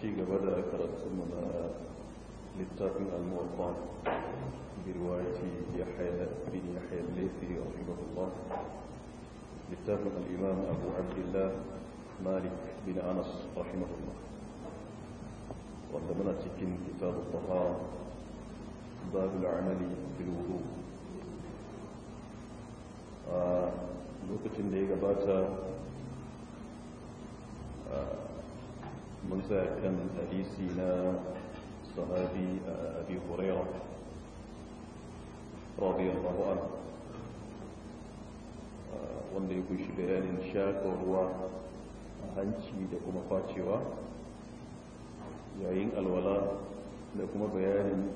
تيجي بدأ اقرأ ثم للتابع الموقع برواية يحيى بن يحيى الليثي رحمه الله للتابع الإمام أبو عبد الله مالك بن أنس رحمه الله وقدمنا تكن كتاب الطهارة باب العمل بالوضوء نقطة آه، اللي قبلتها آه، mun tsaya kan hadisi na sahabi abi huraira radiyallahu anhu wanda ya kushi bayanin shaƙar ruwa a hanci da kuma kwacewa yayin alwala da kuma bayanin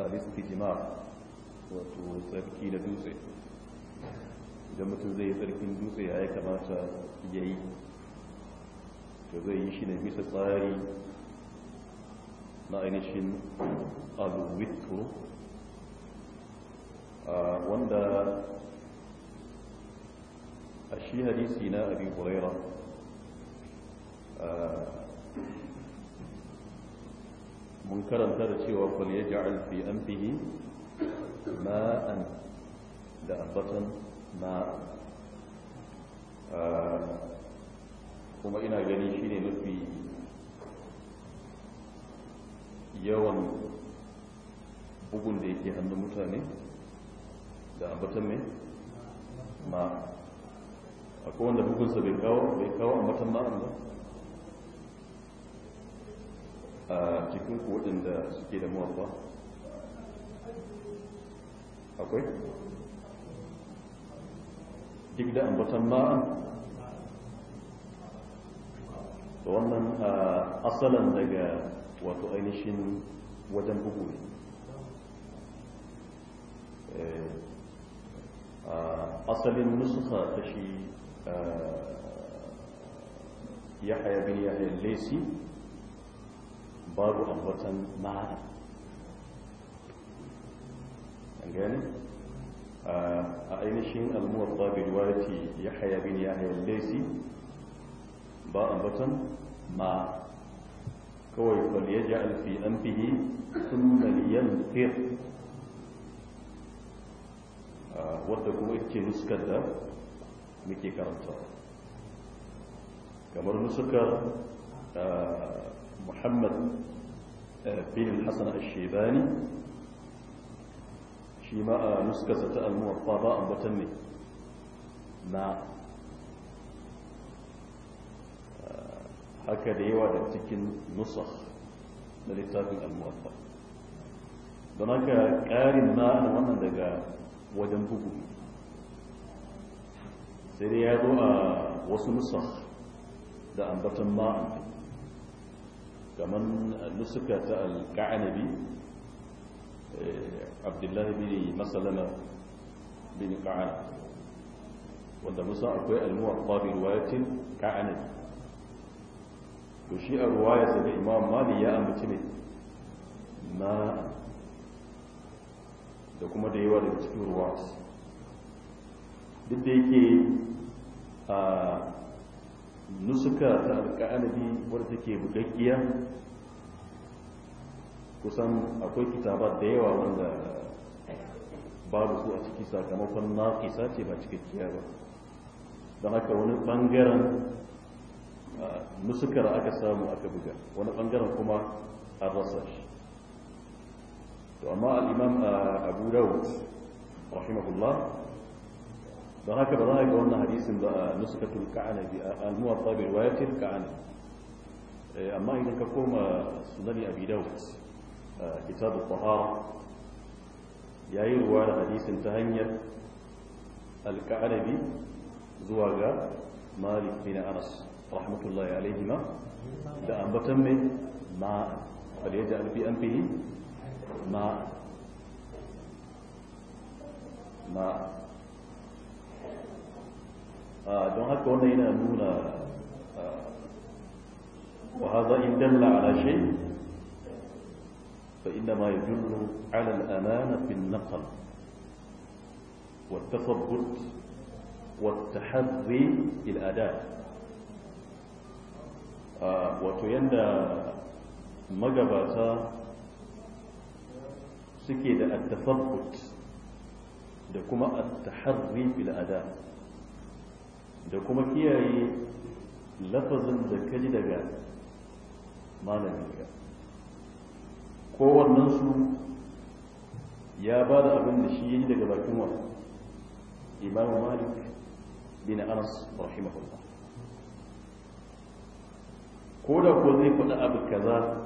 alistijima wato tsarki da dutse idan mutum zai yi tsarkin dutse ya kamata ya yi da zai yi shi ne bisa tsari na ainihin alwitro wanda a shi hadisi na abin huraira mun karanta da cewa kwalye ja'al fi an fihi ma'an da ambatan ma'an kuma ina gani ne mafi yawan bugun da yake hannun mutane da ambatan mai ma akwai wanda bugunsa bai kawo bai kawo ambatan ma'an ba a cikin waɗanda suke da mawafa akwai duk da ambatan ma'an wannan asalan daga wato ainihin wajen bugu ne asalin nusuka ta shi ya haya bin ya haya lesi babu ambatan ma'ana an gani a ainihin al almuwar babin warti ya haya bin ya haya lesi ba ambatan ma kawai fal yaj'al fi anfihi thumma yanfir ah, wadda kuma ita nuskar da muke karanta kamar nuskar ah, muhammad eh, bin hassan ashebani shi ma a ah, nuskarsa ta almuwar ba ambatan ne na haka da yawa da cikin nusar da littafin al-muwatta don haka ƙarin na wannan daga wajen bugu sai dai ya zo a wasu nusar da ambatan ma'an kamar nusuka ta al-ka'anabi abdullahi bin masalama bin ka'ana wanda musa akwai al-muwatta bi riwayatin ka'anabi to shi a ruwa ya sabi imam mali ya ambaci ne na da kuma da yawa daga cikin ruwa duk da yake a nusuka ta alƙa'anabi wadda take bugaggiya kusan akwai kitaba da yawa wanda babu su a ciki sakamakon na kisa ce ba cikakkiya ba don haka wani ɓangaren musukar aka samu aka buga wani bangaren kuma an rasa shi to amma al'imam abu dawud rahimahullah don haka ba za a ga wannan hadisin ba a nusukatul ka'anabi a al-muwatta bi riwayatil ka'anabi amma idan ka koma sunani abi dawud kitab al-tahara yayi ruwa da hadisin ta hanyar al-ka'anabi zuwa ga malik bin anas rahmatullahi alaihima da ambatan mai ma bal yaji alfi an fihi ma ma don haka wannan yana nuna wa hadha in dalla ala shay fa inna ma yadullu ala al amana fi an naql والتثبت والتحري الآداب wato yadda magabata suke da attafakut da kuma attaharri fil da kuma kiyaye lafazin da kaji daga malamin ga kowannensu ya ba da abin da shi yi daga bakin wa imamu malik bin anas rahimahullah ko da ko zai faɗi abu kaza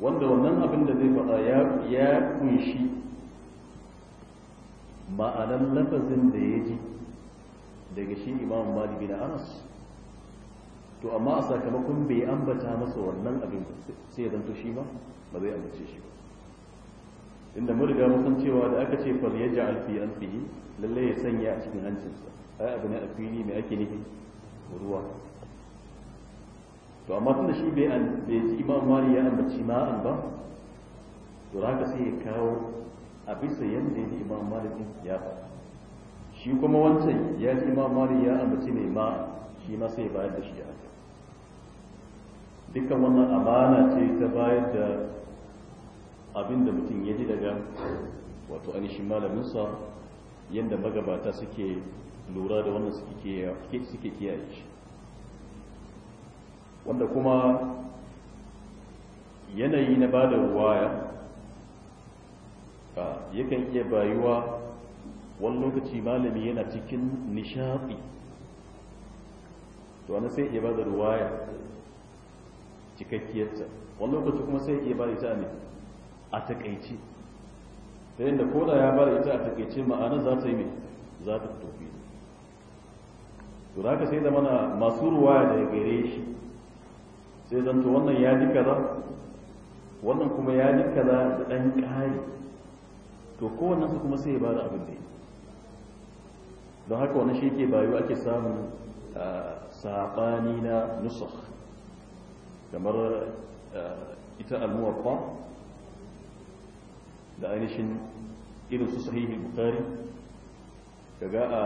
wanda wannan abin da zai faɗa ya kunshi ma'anan lafazin da ya ji daga shi Imam malik bin anas to amma a sakamakon bai ambata masa wannan abin sai ya zanto shi ba ba zai ambace shi ba inda mun riga mun cewa da aka ce fa ya ja'al fi anfihi lalle ya sanya a cikin hancinsa ai abu ne a fili mai ake nufi ruwa to amma tun da shi bai an bai ji imam mali ya ambaci ma'an ba to haka sai ya kawo a bisa yadda ya ji imam mali ya ba? shi kuma wancan ya ji imam mali ya ambaci ne ma shi ma sai bayar da shi haka dukkan wannan amana ce ta bayar da abin da mutum ya ji daga wato ainihin malaminsa yadda magabata suke lura da wannan suke kiyaye shi wanda kuma yanayi na ba da ruwaya ah, yakan iya bayuwa wani lokaci malami yana cikin nishaɗi to wani sai iya ba da ruwaya cikakkiyarta wani lokaci kuma sai iya ba da ita ne a takaici. ta yadda koda ya ba da ita a takaice ma'ana za ta yi mai za ta tofi to da haka sai da mana masu ruwaya daga gare shi sai zan to wannan ya ji kaza wannan kuma ya ji kaza da ɗan ƙari to kowannen su kuma sai ya bada abin da ya don haka wani shi ke bayu ake samun saɓani na nusakh kamar ita almuwafa da ainihin irin su sahihin bukari kaga a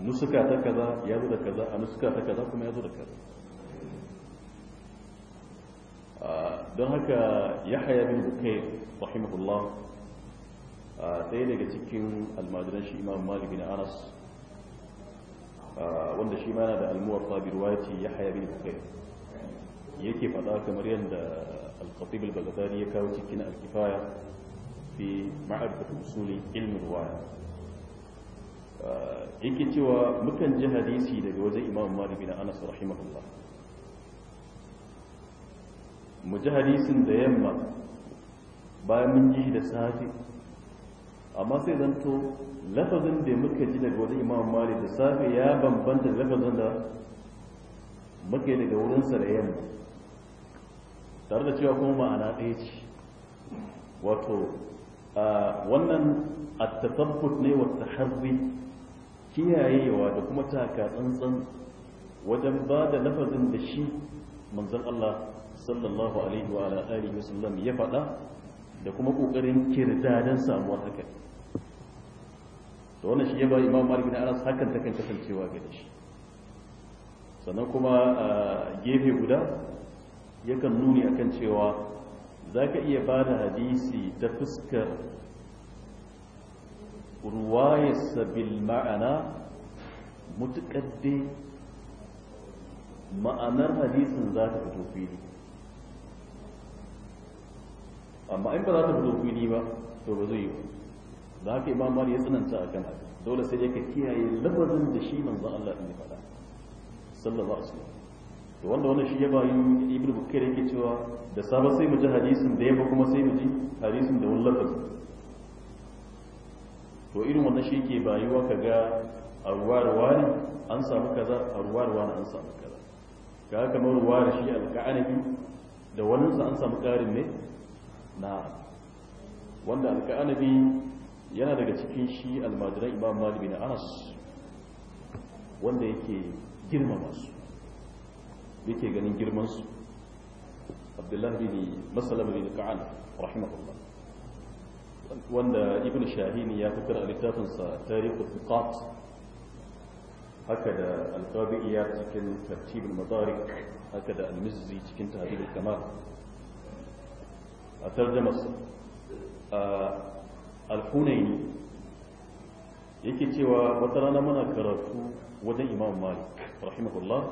nusuka ta kaza ya zo da kaza a nusuka ta kaza kuma ya zo da kaza don haka yahya bin bukayr rahimahullah ɗaya daga cikin almajiran shi imam malik bin anas wanda shi mana da almuwatta bi ruwayati yahya bin bukayr yake faɗa kamar yadda al-khatib ya kawo cikin alkifaya fi ma'arifatu usuli ilmi ruwaya yake cewa mukan ji hadisi daga wajen imam malik bin anas rahimahullah mu ji hadisin da yamma bayan mun ji da safe amma sai zanto lafazin da muka ji daga wajen imam malik da safe ya bambanta da lafazin da muka yi daga wurinsa da yamma tare da cewa kuma ma'ana ɗaya ce wato wannan attafabbut ne wata harbi kiyayewa da kuma taka tsantsan wajen ba da lafazin da shi manzon Allah sallallahu alaihi wa ala alihi wasallam ya faɗa da kuma kokarin kirda dan samuwar haka to wannan shi ya ba imamu malik bin anas hakan ta kanta kancewa ga shi sannan kuma a gefe guda yakan nuni akan cewa zaka iya ba da hadisi ta fuskar ruwayarsa bil ma'ana mutuƙadde ma'anar hadisin za ta fito fili amma in ba za ta fito fili ba to ba zai yi ba da haka imam mali ya tsananta a kan haka dole sai dai ka kiyaye lafazin da shi manzo Allah ya faɗa sallallahu alaihi wasallam to wanda wannan shi ya ba ibnu bukair yake cewa da saba sai mu ji hadisin da yaba kuma sai mu ji hadisin da wani lafazi to irin wannan shi ke bayuwa kaga a ruwar wani an samu kaza a ruwar wani an samu kaza ga kamar ruwar shi alƙa'anabi da wani an samu ƙarin ne na wanda alƙa'anabi yana daga cikin shi almajiran imam malibi na anas wanda yake girma masu yake ganin girmansu abdullahi bin masalama bin ka'an rahimahullah wanda ibn shahini ya fitar a littafinsa tarihu thiqat haka da alqabi'iyya cikin tartibul madarik haka da almizzi cikin tahdhibul kamal الترجمة آه، الحنين يكتوى وطرنا من كرفه وده إمام مالك رحمه الله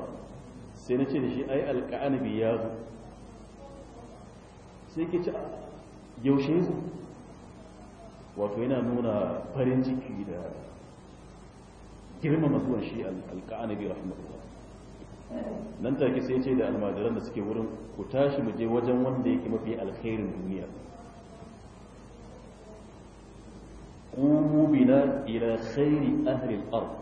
سنتشي أي الكعان بياض سيكتوى يوشيز وفينا نونا فرنجي كيدا جرم مزوان شيء الكعان رحمه الله nan take sai ce da almajiran da suke wurin ku tashi mu je wajen wanda yake mafi alkhairin duniya qumu bina ila khairi ahli al-ard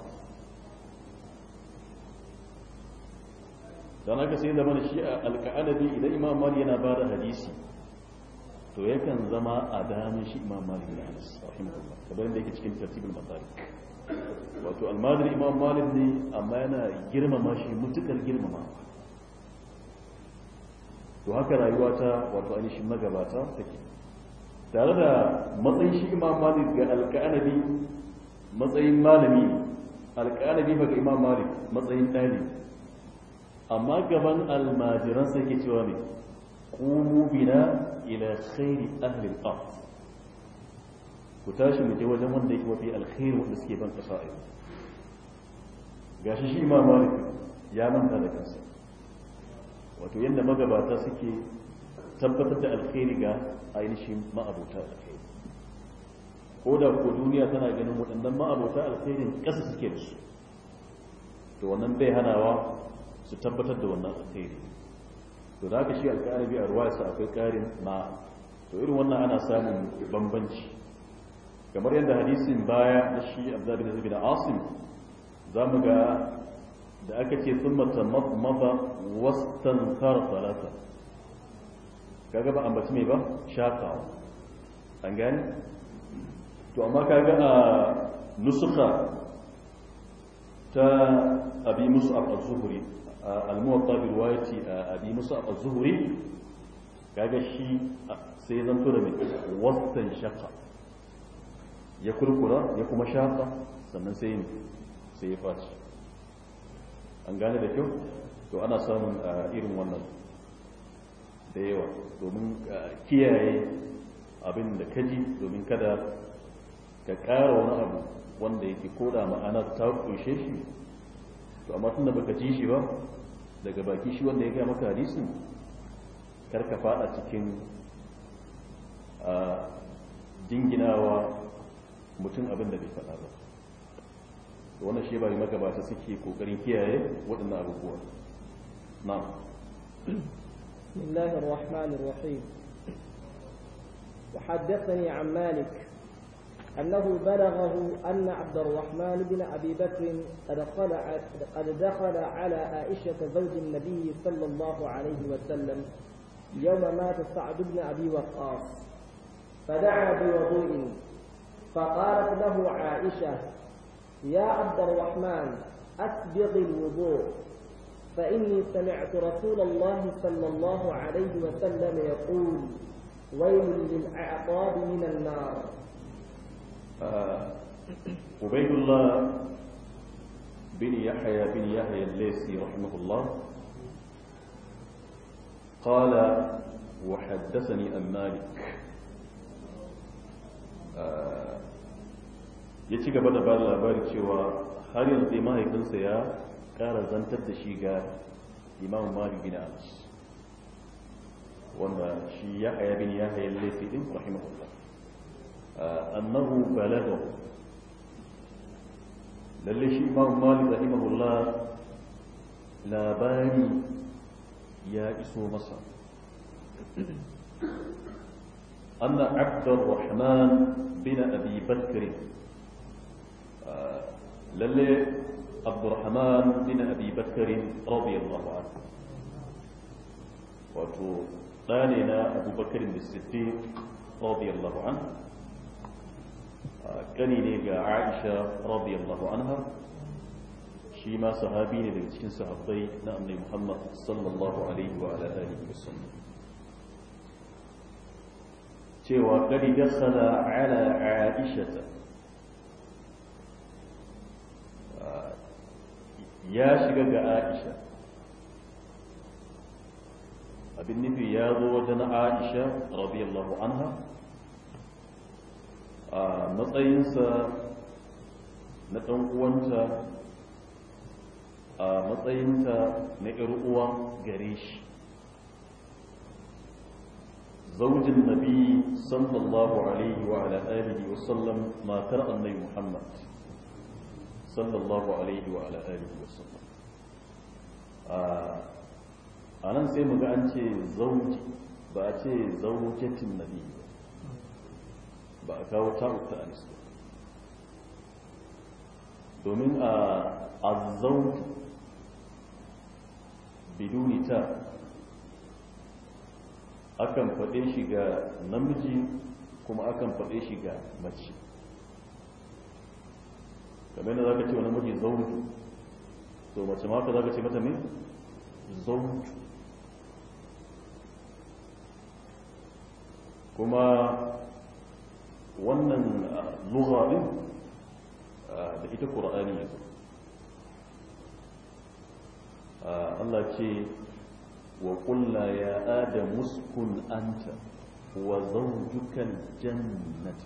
dan haka sai zaman shi a qaadabi idan imam mali yana ba da hadisi to yakan zama a damin shi imam mali bin anas rahimahullah kamar da yake cikin tartibul masarik wato almadir imam malik ne amma yana girmama shi mutukar girmama to haka rayuwa ta wato ainihin magabata take tare da matsayin shi imam malik ga alƙanabi matsayin malami alƙanabi ba ga imam malik matsayin ɗani. amma gaban almajiransa yake cewa ne ƙumu bina ila khairi ahlil ard ku tashi mu je wajen wanda yake mafi alkhairi wanda suke ban kasa a yau gashi shi imam malik ya manta da kansa wato yadda magabata suke tabbatar da alkhairi ga ainihin ma'abota alkhairi ko da ko duniya tana ganin waɗannan ma'abota alkhairin ƙasa suke da su to wannan bai hanawa su tabbatar da wannan alkhairi to da haka shi alƙarabi a ruwa akwai ƙarin ma to irin wannan ana samun bambanci kamar yadda hadisin baya na shi abdullahi bin zabi da asim za mu ga da aka ce sun mata mafa wastan fara salata kaga ba ambaci mai ba shakawa an gani to amma kaga a nusuka ta abi musu al-zuhuri al-muwatta bi riwayati abi musu al-zuhuri kaga shi sai zanto da mai wastan shaka ya kurkura ya kuma shafa sannan sai yin sai ya faci an gane da kyau to ana samun irin wannan da yawa domin kiyaye abin da kaji domin kada ka ƙara wani abu wanda yake koda ma'ana ta kunshe shi to amma tun da baka ji shi ba daga baki shi wanda ya gaya maka hadisin karka fada cikin jinginawa mutum abin da bai faɗa ba wannan shi ba yi magabata suke kokarin kiyaye waɗannan abubuwa na bismillahir rahmanir rahim وحدثني عن مالك أنه بلغه أن عبد الرحمن بن أبي بكر قد قد دخل على عائشة زوج النبي صلى الله عليه وسلم يوم مات سعد بن أبي وقاص فدعا بوضوء فقالت له عائشة يا عبد الرحمن أسبغ الوضوء فإني سمعت رسول الله صلى الله عليه وسلم يقول ويل للأعقاب من النار آه، عبيد الله بن يحيى بن يحيى الليسي رحمه الله قال وحدثني أن مالك ya ci gaba da ba da labari cewa har yanzu mahaifinsa ya kara zantar da shi ga imam malik bin anas wanda shi ya haya bin ya haya laifin din rahimahullah annahu balagahu lalle shi mali malik rahimahullah labari ya iso masa أن عبد الرحمن بن أبي بكر آه، للي عبد الرحمن بن أبي بكر رضي الله عنه وتو قالنا أبو بكر الصديق رضي الله عنه آه، كان نيجا عائشة رضي الله عنها شيما صحابين لكن صحابي نعم محمد صلى الله عليه وعلى آله وسلم جوا قد دخل على عائشة يا شقق عائشة أبي النبي يا ودن عائشة رضي الله عنها مطينسا نتنقوانسا مطينسا نئرؤوا قريش زوج النبي صلى الله عليه وعلى آله وسلم ما ترى النبي محمد صلى الله عليه وعلى آله وسلم a nan sai muga an ce zauji ba ce zaujatin nabi ba kawo ta'utta domin a azzautu biduni akan faɗe shi ga namiji kuma akan faɗe shi ga mace kamar da za ka ce wa namiji zauju to mace ma haka za ka ce mata min zauju kuma wannan ah, lughabin ah, da ita ƙura'ani ya zo ah, Allah ce وقلنا يا آدم اسكن أنت وزوجك الجنة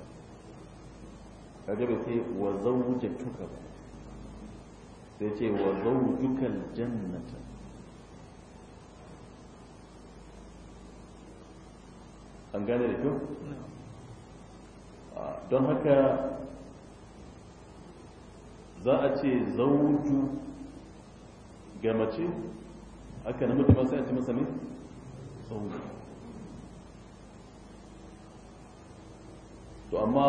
sai وزوجتك سيتي وزوجك الجنة an gane da kyau don haka za a ce zauju ga mace haka namiji ma sai a ce masa ne to amma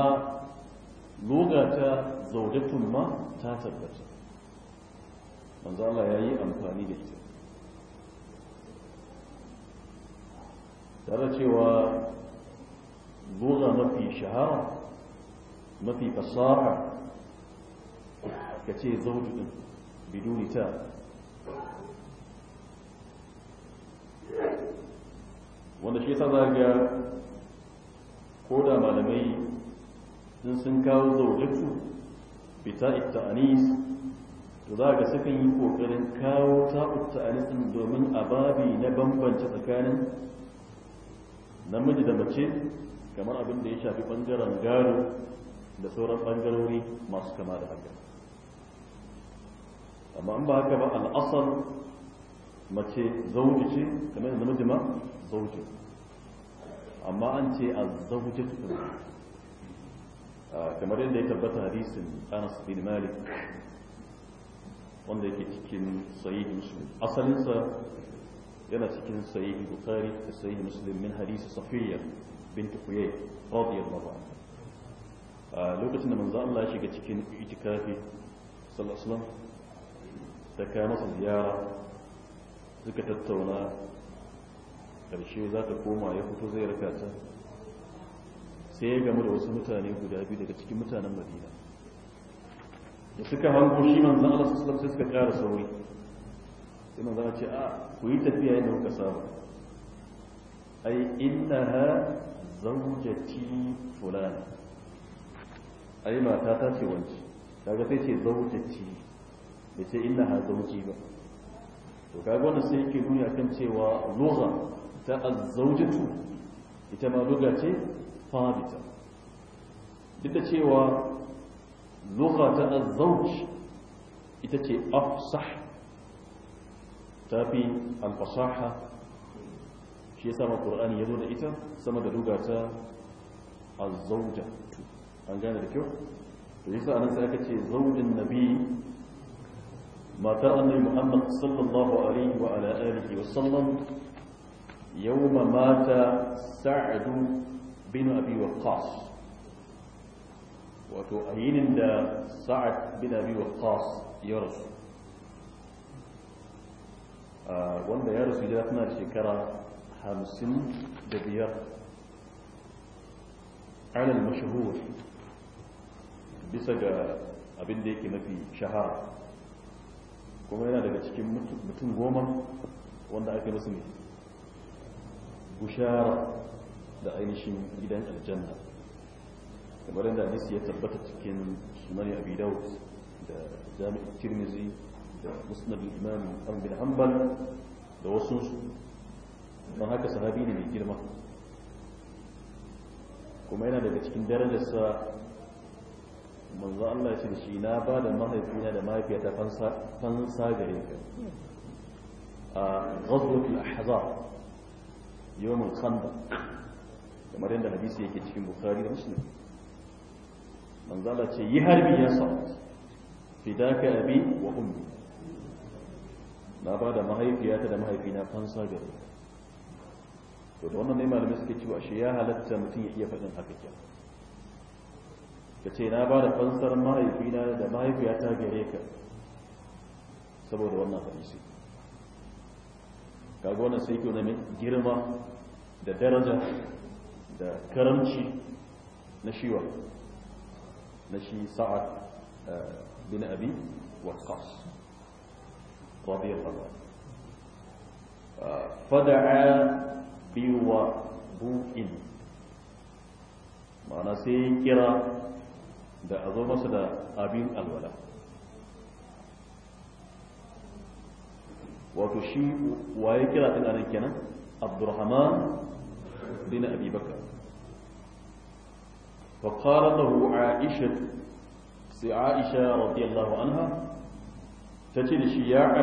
loga ta zaudatun ma ta tabbata manzala ya yi amfani da ita tare cewa loga mafi shahara mafi fasaha ka ce zaududin biduni ta wanda shi sa zagaya ko da malamai in sun kawo zaujatu bita ta'anis to za ga sukan yi kokarin kawo ta ta'anis din domin a babi na bambance tsakanin namiji da mace kamar abin da ya shafi bangaren gado da sauran bangarori masu kama da haka amma an ba haka ba al'asar mace zauji ce kamar yanzu namiji ma zauji amma an ce a zauji tukun kamar yadda ya tabbata hadisin anas bin malik wanda yake cikin sahihi musulun asalinsa yana cikin sahihi bukari da sahihi musulun min hadisi safiya bint huyay radiyallahu a lokacin da manzo Allah ya shiga cikin itikafi sallallahu alaihi wasallam ta kai masa ziyara suka tattauna ƙarshe za ta koma ya fito zai raka ta sai ya gamu da wasu mutane guda biyu daga cikin mutanen madina da suka hango shi manzan Allah su sai suka ƙara sauri sai manzan ce a ku yi tafiya yadda kuka saba ai innaha zaujati fulana ai mata ta ce wanci kaga sai ce zaujati da ce innaha zauji ba to kaga wannan sai yake nuni kan cewa lugha ta azzaujatu ita ma lugha ce fadita duk da cewa lugha ta azzauj ita ce afsah ta fi alfasaha shi yasa ma qur'ani ya zo da ita sama da lugha ta azzaujatu an gane da kyau to yasa anan sai aka ce zawjin nabi ما تأني محمد صلى الله عليه وعلى آله وسلم يوم مات سعد بن أبي وقاص وتؤين دا سعد بن أبي وقاص يرسل آه، وانبا يرسل جلتنا شكرا حامس دبير على المشهور بسجا أبن ديك نفي شهار شهار kuma yana daga cikin mutum goma wanda ake musu ne bushara da ainihin gidan aljanna kamar yadda hadisi ya tabbata cikin sunani abi daud da jami'in tirmizi da musnad imam ahmad bin hanbal da wasu don haka sahabi ne mai girma kuma yana daga cikin darajarsa manzo Allah ya ce da shi na ba da mahaifina da mahaifiyata fansa gare ka a ghazwatul ahzab yawmul khandaq kamar yadda hadisi yake cikin bukhari da muslim manzo Allah ce yi harbi ya sa fidaka abi wa ummi na ba da mahaifiyata da mahaifina fansa gare ka to da wannan ne malamai suke cewa shi ya halatta mutum ya iya faɗin haka kenan ka ce na ba da fansar mahaifina da mahaifiyata gare ka saboda wannan hadisi ga wannan sai ke nemi girma da daraja da karamci na shiwa na shi sa'ad eh, bin abi waqas radiyallahu eh, fada'a biwa bu'in ma'ana sai kira da a zo masa da abin alwala wato shi waye kira tun anan kenan abdurrahman bin abi bakar fa qala lahu aisha sai aisha radiyallahu anha tace da shi ya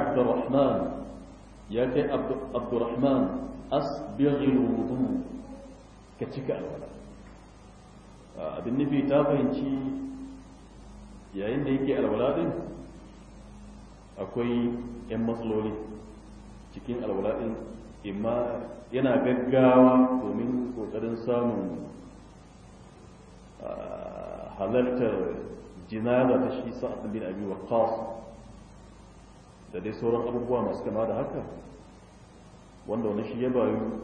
ya kai abdurrahman asbighil wudu ka cika alwala abin ta fahimci yayin da yake alwala akwai 'yan matsaloli cikin alwala imma yana gaggawa domin kokarin samun ah, halartar jinada ta shi sa'ad bin abi waƙas. da dai sauran abubuwa masu kama da haka wanda wani shi ya bayu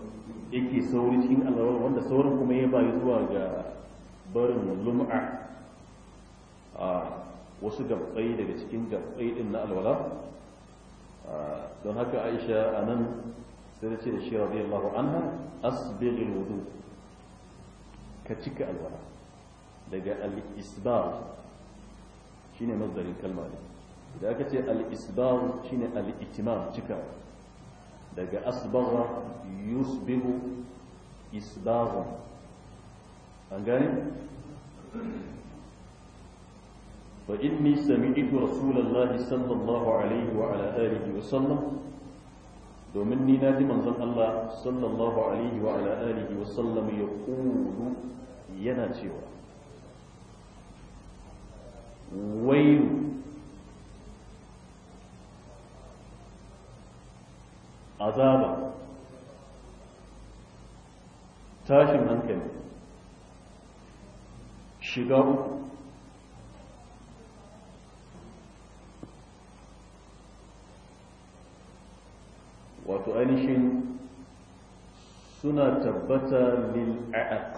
yake sauri cikin alwala wanda sauran kuma ya bayu zuwa ga barin lum'a wasu gabbai daga cikin gabbai din na alwala don haka aisha a nan sai da ce da shi radiyallahu anha asbighil wudu ka cika alwala daga al-isbar shine mazdarin kalma ne da aka ce al-isbar shine al-itimam cika daga asbagha yusbihu isbagha an gane فإني سمعت رسول الله صلى الله عليه وعلى آله وسلم دومني نادي من ظن الله صلى الله عليه وعلى آله وسلم يقول يناتيو ويل عذاب تاشم أنكم شقاء wato ainihin suna tabbata lil ga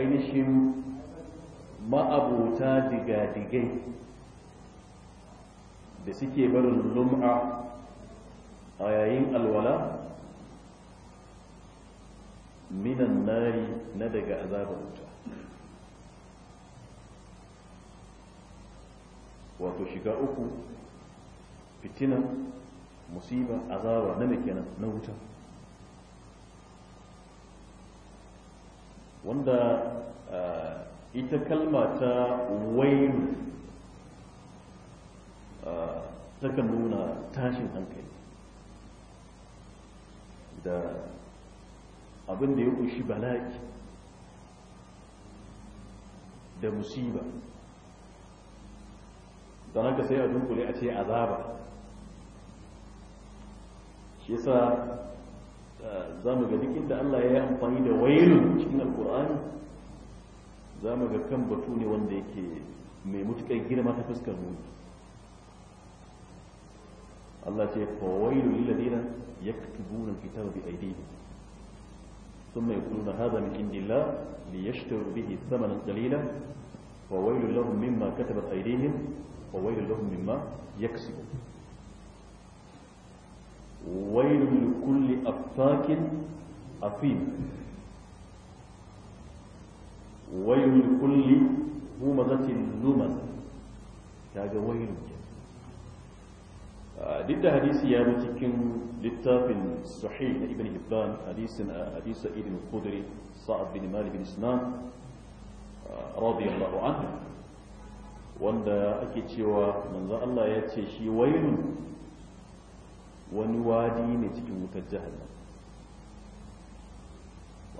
ainihin ma'abuta digadigai da suke barin lum'a a yayin alwala minan nari na daga azabar wuta wato shiga uku fitina musiba azaba na mai kenan na wuta wanda ita kalma ta wayin takan nuna tashin hankali da abin da ya ƙushi bala'i da musiba sannan ka sai a dunkule a ce azaba shi yasa eh, za mu ga duk inda Allah ya yi amfani da wailu cikin alkur'ani za mu ga kan batu ne wanda yake mai mutukar girma ta fuskar mu Allah ce fa wailu lil ladina yaktubuna alkitaba bi aydihim thumma yaquluna hadha min indillah liyashtaru bihi thamanan qalila fa wailu lahum mimma katabat aydihim فويل لهم مما يكسبون ويل لكل أفاك أفين ويل لكل همزة لمزة كاجا ويل آه، ديد حديث يا متكن لتاب الصحيح ابن حبان حديث آه، حديث سعيد الخدري صعب بن مالك بن سنان آه، رضي الله عنه wanda ake cewa manzo Allah ya ce shi wayin wani wadi ne cikin wutar jahannam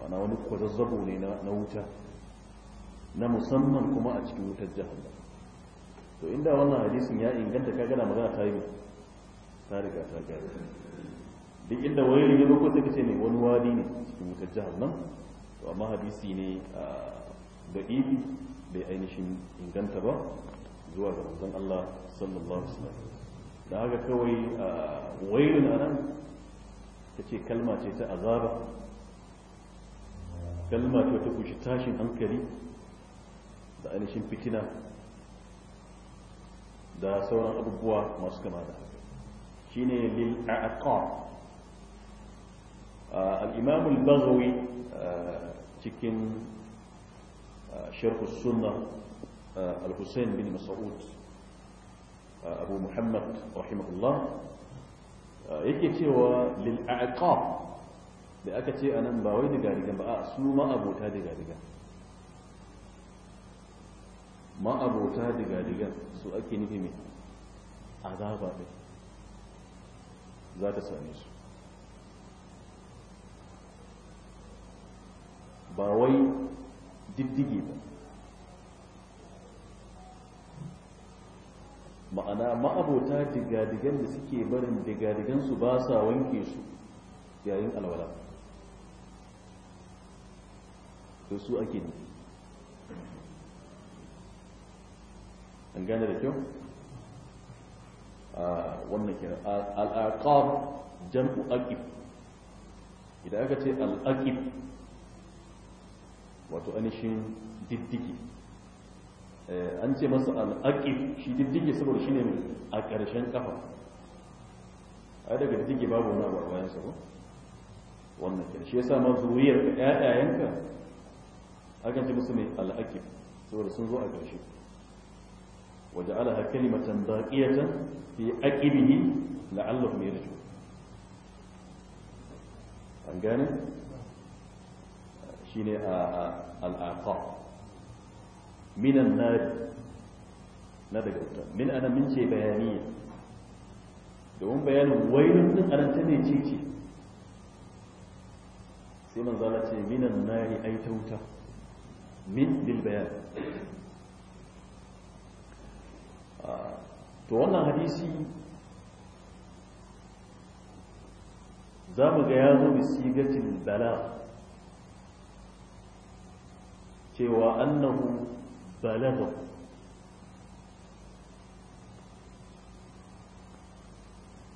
wana wani kwazazzabo ne na wuta na musamman kuma a cikin wutar jahannam to inda wannan hadisin ya inganta kaga na magana ta yi ta riga ta gari duk inda wayin ya ko take ce ne wani wadi ne cikin wutar jahannam to amma hadisi ne ah, da ibi bai ainihin inganta ba zuwa ga manzon Allah sallallahu alaihi wasallam da haka kawai wailun anan tace kalma ce ta azaba kalma ce ta kushi tashin hankali da ainihin fitina da sauran abubuwa masu kama da shine lil aqab al-imam al-baghawi cikin شيخ السنة آه، الحسين بن مسعود آه، أبو محمد رحمه الله آه، يكتي وللأعقاب لأكتي أنا مباويد قادقا بأسلو ما أبو تهدي قادقا ما أبو تهدي قادقا سؤالكي نهمي عذابا به ذات سانيس باويد diddige ba ma'ana ma'abota digadigan da suke barin digadigansu ba sa wanke su yayin alwala to su ake ne an gane da kyau a ah, wannan kira al'aqab jam'u aqib idan aka ce al'aqib wato anishin diddigi an ce masa al'aƙi shi diddigi saboda shi ne a ƙarshen ƙafa a daga diddigi babu wani abu a bayan sabo wannan ƙarshe ya sa ma zuriyar ƴaƴayenka akan ce musu mai al'aƙi saboda sun zo a ƙarshe waje ala ha kalimatan baqiyatan fi aqibihi la'allahum yarji'un an gane shine al'aqab minan nar na daga wuta min ana min ce bayaniya domin bayanin wailun din anan ta ne ce ce sai manzo Allah ce minan nari ai ta wuta min bil bayan to wannan hadisi za mu ga ya zo bisigatil bala cewa annahu balagha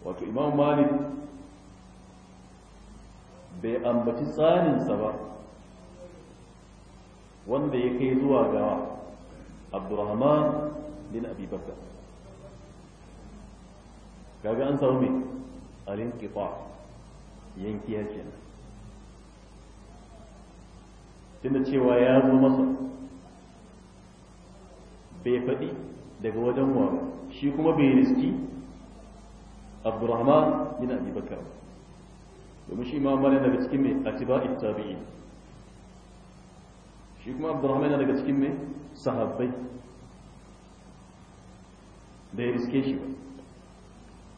wato imam malik bai ambaci tsarinsa ba wanda ya kai zuwa ga abdurrahman bin abubakar kaga an samu alin kifa yanki kenan tunda cewa ya zo masa bai faɗi daga wajen wa shi kuma bai riski abdurrahman bin abi bakar domin shi ma mali daga cikin mai atiba'it tabi'i shi kuma abdurrahman daga cikin mai sahabbai da ya riske shi ba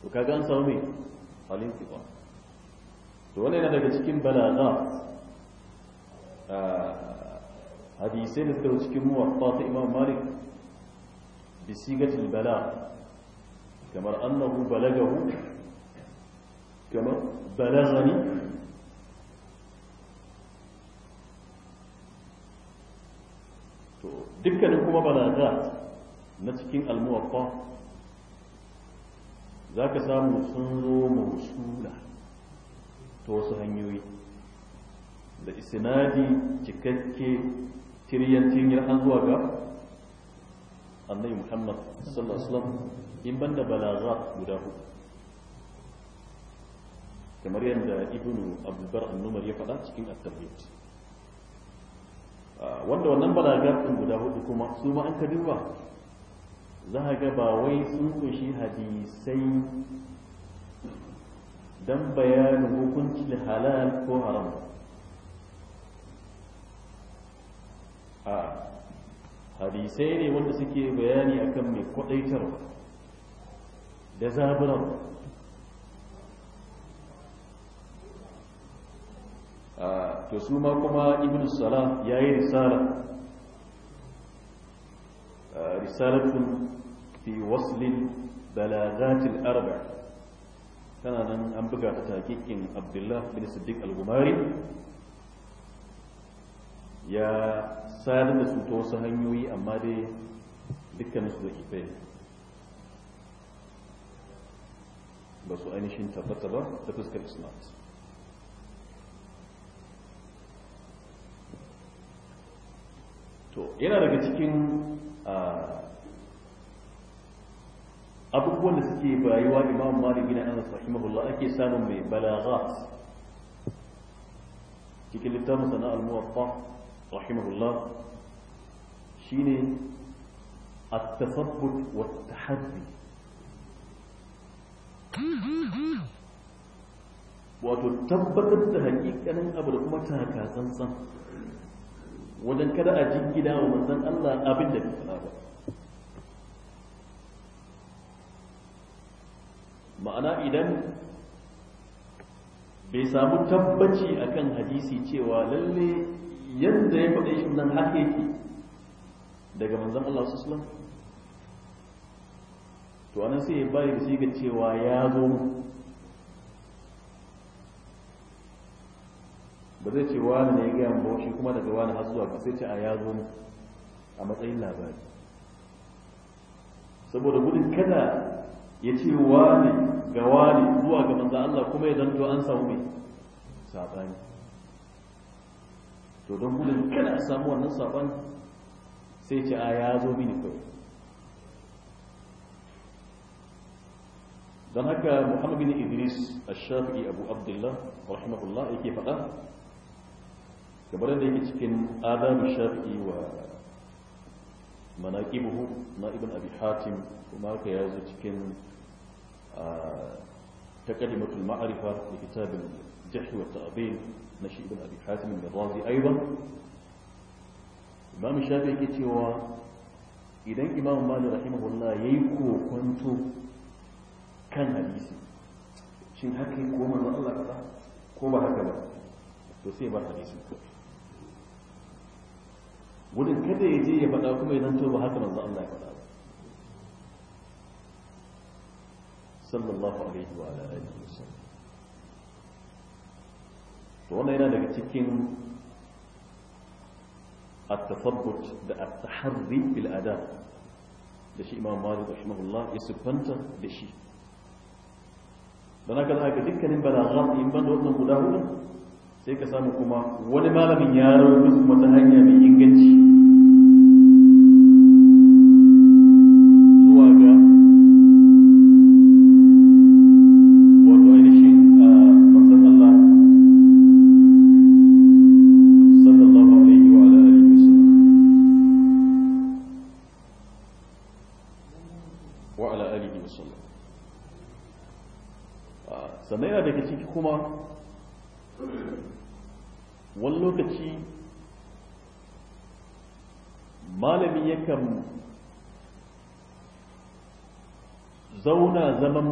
to kaga an samu mai halin to wani yana daga cikin balagat hadisai da suka cikin muwatta ta imam malik bi sigatil bala kamar annahu balagahu kamar balagani to dukkanin kuma balagat na cikin almuwatta za ka samu sun zo mausula ta wasu hanyoyi da isinadi cikakke tiryan tiryar an zuwa ga annabi muhammad sallallahu alaihi wasallam in banda balaga guda hudu kamar yadda ibnu abdulbar annumar ya faɗa cikin at-tawhid ah, wanda wannan balagar din guda hudu kuma su ma an ka duba za a ga ba wai sun kunshi hadisai don bayanin hukuncin halal ko haram a hadisai ne wanda suke bayani akan mai kwadaitar da zaburan to su ma kuma ibn Salah ya yi risala risalatun fi waslin balagatil arba tana nan an buga ta takikin abdullah bin siddiq al-gumari ya sayar da su ta wasu hanyoyi amma dai dukkanin su zaki fai ba su ainihin tabbata ba ta fuskar isnat to yana daga cikin abubuwan da suke bayuwa imam malik bin anas rahimahullah ake samun mai balaghat cikin littafin sana'ar muwaffa rahimahullah shine at-tafabbut wa tahaddi wato tabbatar da hakikanin abu da kuma taka tsantsan wajen kada a gida wa manzon Allah abin da bai ba ma'ana idan bai samu tabbaci akan hadisi cewa lalle yadda ya faɗe shi nan haka yake daga manzan Allah su to anan sai ya bayi da ga cewa ya zo ba zai ce wani ne ya gaya mu shi kuma daga wani har zuwa ba sai ce a ya zo a matsayin labari saboda gudun kada ya ce wani ga wani zuwa ga manzan Allah kuma ya zanto an samu mai sabani to don gudun kada a samu wannan sabon sai ce a ya zo mini kai don haka muhammad bin idris ash-shafi'i abu abdullah rahimahullah yake faɗa kamar da yake cikin adabu shafi'i wa manaqibuhu na ibn abi hatim kuma ka ya zo cikin takaddimatul ma'arifa da kitabin jahi wa ta'dil ماشي ابن أبي حاتم المرازي أيضا إمام الشافعي كتوى إذن إمام مالي رحمه الله يكو كنت كان حديثي شن حكي كوما ما الله كذا كوما هكذا تسيب الحديث ولن كده يجي يبقى كوما إذن توبة هكذا ما الله كذا صلى الله عليه وعلى آله وسلم to wannan yana daga cikin at-tafabbut da at-taharri bil adab da shi imam malik rahimahullah ya siffanta da shi don haka za ka dukkanin balaghat in wannan guda hudu sai ka samu kuma wani malamin ya rawaito kuma ta hanya mai inganci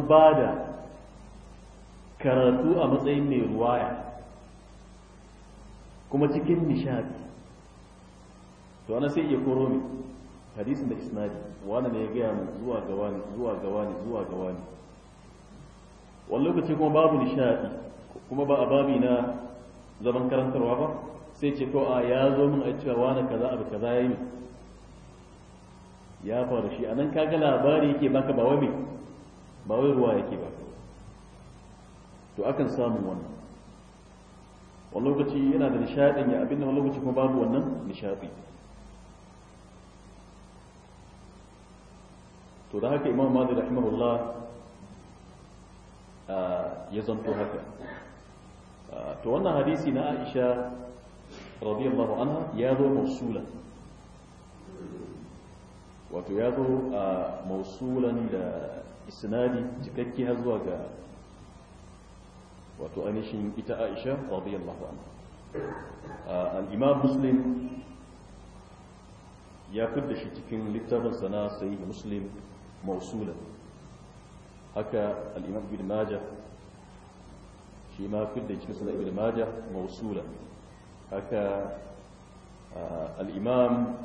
ba da karatu a matsayin mai ruwaya kuma cikin nishadi to ana sai iya koro ne hadisin da isnadi wani ne ya gaya mu zuwa ga wani zuwa ga wani zuwa ga wani wani lokaci kuma babu nishadi kuma ba a babi na zaman karantarwa ba sai ce ko a ya zo min a cewa wani kaza abu kaza ya yi ya faru shi A nan kaga labari yake baka ba wani ba wai ruwa yake ba to akan samu wannan wani lokaci yana da nishadin ya abin da wani lokaci kuma babu wannan nishadi to da haka imam malik rahimahullah ya zanto haka to wannan hadisi na aisha radiyallahu anha ya zo mausula wato ya zo a mausulan da isnadi cikakke har zuwa ga wato ainihin ita aisha radiyallahu anha al-imam muslim ya fitta shi cikin littafin sana sahih muslim mausulan haka al-imam ibn majah shi ma fidda cikin sana ibn majah mausulan haka al-imam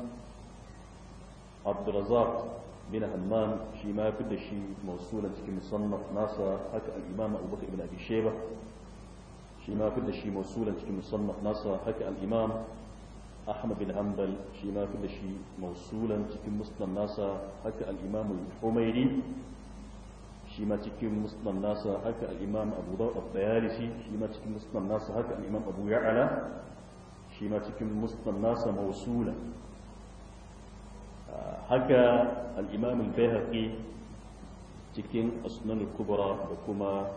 abdurrazzaq bin hammam shi ma fi da shi mausulan cikin nasa haka al-imam abubakar ibn abi shayba shi ma fi da shi mausulan nasa haka al ahmad bin hanbal shi ma fi da cikin musnad nasa haka al-imam al-humairi shi ma cikin musnad nasa haka al abu dawud al-bayalisi shi cikin musnad nasa haka al abu cikin nasa haka al'imamin bai cikin asunan kubra da kuma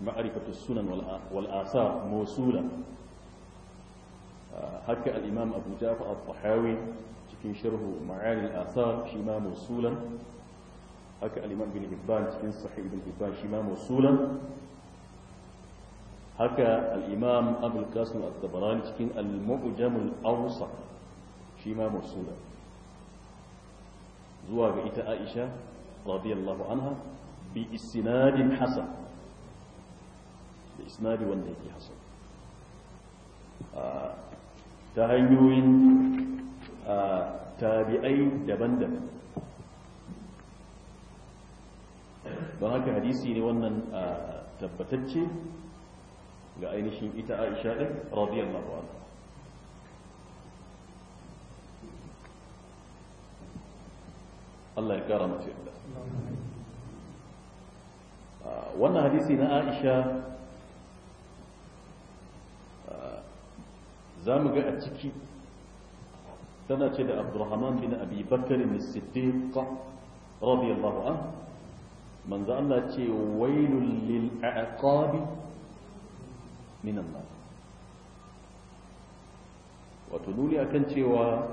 ma'arifatu sunan wal'asa mosula haka al'imam abu jafa al-fahawi cikin sharhu ma'anin asar shi ma mosulan haka al'imam bin hibban cikin sahih bin hibban shi ma mosulan haka al'imam abul qasim al-tabarani cikin al al awsa shi ma mosulan zuwa ga ita aisha radiyallahu anha bi isnadin hasan da isnadi wanda yake hasan ta hanyoyin tabi'ai daban-daban don haka hadisi ne wannan tabbatacce ga ainihin ita aisha ɗin radiyallahu anha Allah ya kara yadda ah, wannan hadisi na aisha ah, za mu ga a ciki tana ce da abdurrahman bin abi bakarin siddiq radiyallahu an manzo Allah ce wailul lil aqabi min Allah wato nuni akan cewa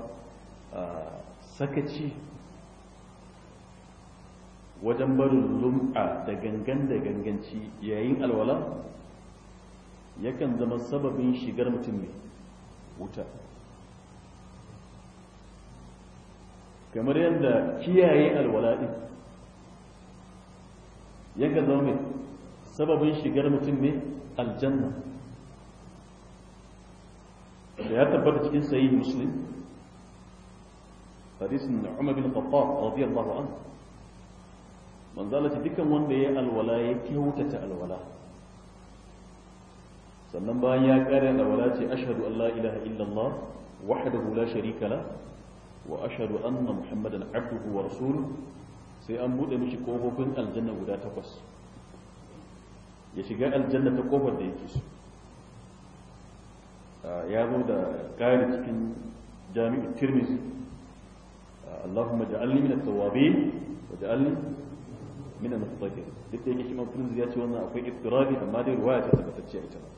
ah, sakaci wajen barin lum'a da gangan da ganganci yayin alwala yakan zama sababin shigar mutum ne wuta kamar yadda kiyaye alwala ɗin yakan zama mai sababin shigar mutum ne aljanna da ya tabbata cikin sayi muslim hadisin umar bin khattab radiyallahu anhu manzala ce dukkan wanda ya alwala ya kyautata alwala sannan bayan ya kare alwala ce ashhadu an la ilaha illallah wahdahu la sharika la wa ashhadu anna muhammadan abduhu wa rasuluhu sai an bude mishi kofofin aljanna guda takwas ya shiga aljanna ta kofar da yake su ya zo da ƙari cikin jami'in tirmizi allahumma ja'alni min at-tawwabin wa ja'alni min al duk da yake imam kunzi ya ce wannan akwai iftirabi amma dai ruwaya ta tabbatacce ita ba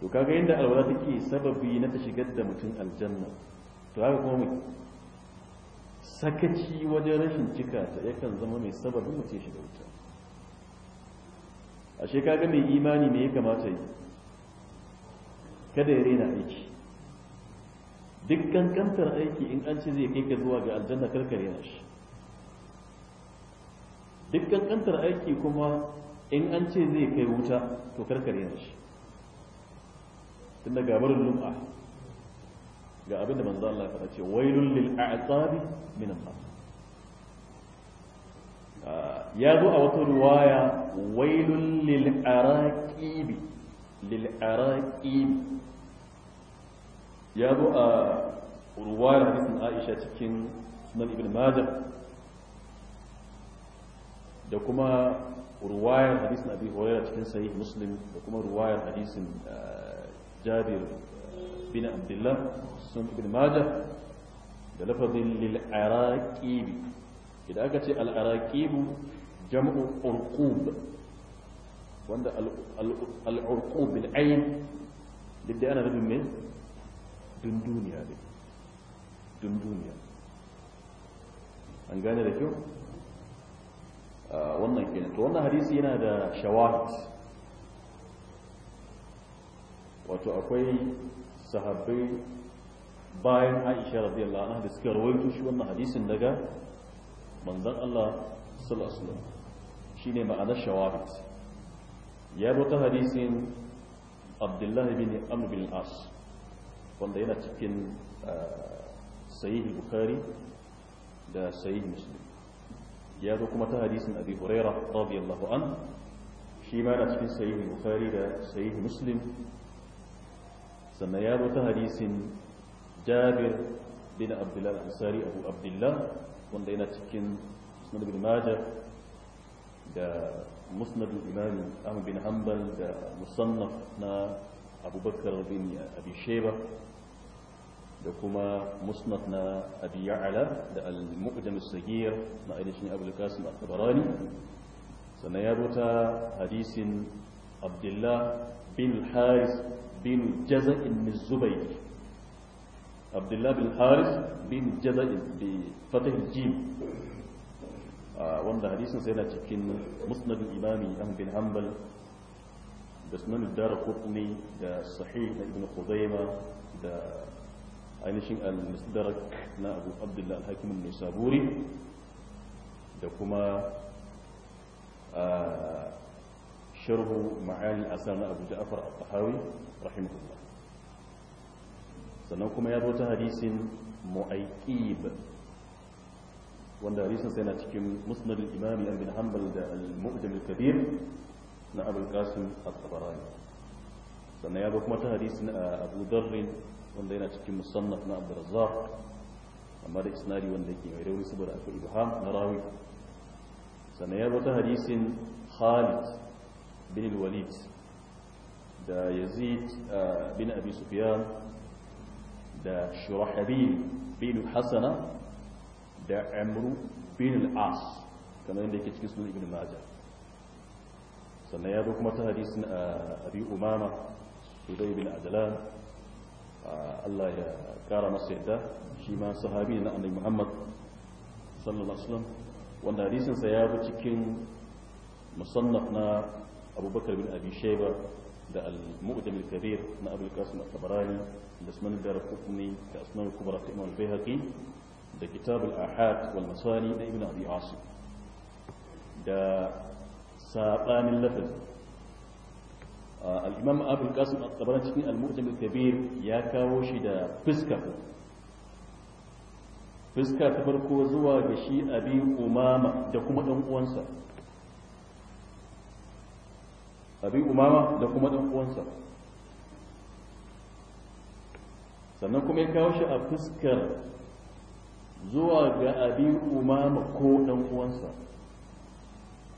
to kaga inda alwala take sababi na ta shigar da mutum aljanna to haka kuma sakaci wajen rashin cika ta kan zama mai sababin shi da wuta ashe kaga mai imani me ya kamata yi kada ya rena aiki duk kankantar aiki in an ce zai kai ka zuwa ga aljanna karkare na shi duk kankantar aiki kuma in an ce zai kai wuta to karkare na shi tun da gabarin lum'a ga abinda manzo Allah ya faɗa ce wailul lil a'qabi min an-nar ah, ya zo a wata riwaya wailul lil araqibi lil araqibi ya zo a ruwayar hadisin Aisha cikin Sunan Ibn Majah da kuma ruwayar hadisin abi hurairah cikin sahih muslim da kuma ruwayar hadisin jabir bin abdullah sun ibn majah da lafazin lil idan aka ce al jam'u urqub wanda al urqub bil ayn duk ana nufin me dunduniya ne dunduniya an gane da kyau wannan kenan to wannan hadisi yana da shawahid wato akwai sahabbai bayan Aisha radiyallahu anha da suka rawaito shi wannan hadisin daga manzon Allah sallallahu alaihi wasallam shine ma'anar shawahid ya rota hadisin Abdullah bin Amr bin As wanda yana cikin eh, sahih Bukhari da sahih Muslim ya zo kuma ta hadisin abi huraira radiyallahu an shi ma na cikin sahihi bukhari da sahihi muslim sannan ya zo ta hadisin jabir bin abdullah al-ansari abu abdullah wanda yana cikin musnad bin majah da musnad imam ahmad bin hanbal da musannaf na abubakar bin abi da kuma musnad na abi ya'la da al-muqdam as-sagir na abu al qasim at-tabarani sannan ya rota hadisin abdullah bin haris bin jaza'in min zubayr abdullah bin haris bin jaza'in bi fatah jim wanda hadisin sai yana cikin musnad al imami ahmad bin hanbal da sunan ad-darqutni da sahih ibn khuzaimah da ainihin al mustadrak na abu Abdullah al-hakim al-nisaburi da kuma sharhu ma'ani asar na abu ja'far al-tahawi rahimahullah sannan kuma ya zo ta hadisin mu'aikib wanda hadisin sai na cikin musnad al-imam ibn hanbal da al-mu'jam al-kabir na Abu al qasim al tabarani sannan ya zo kuma ta hadisin abu darr wanda yana cikin musannaf na Abdul Razzaq amma da isnadi wanda yake mai rauni saboda akwai ibham na rawi sanaya ya bata hadisin khalid bin walid da yazid bin abi sufyan da shurahabil bin Hasan da amru bin al-as kamar yadda yake cikin sunan ibn majah sannan ya zo kuma ta hadisin abi umama sudai bin adalan آه، الله كرم سيدا شيما صحابي النبي محمد صلى الله عليه وسلم وانا ريسن سيابو تكين مصنفنا أبو بكر بن أبي شيبة ده المؤدم الكبير من أبو القاسم الطبراني لسمان الدار القطني كأسنان الكبرى قيمة البيهقي ده كتاب الأحاد والمصاني ده ابن أبي عاصم ده سابان اللفظ al-imam abul qasim cikin al-mu'jam kabir ya kawo shi da fuska fuska ta farko zuwa ga shi abi umama da kuma ɗan'uwansa. Abin umama da kuma ɗan'uwansa. sannan kuma ya kawo shi a fuskar zuwa ga abin umama ko ɗan'uwansa. uwansa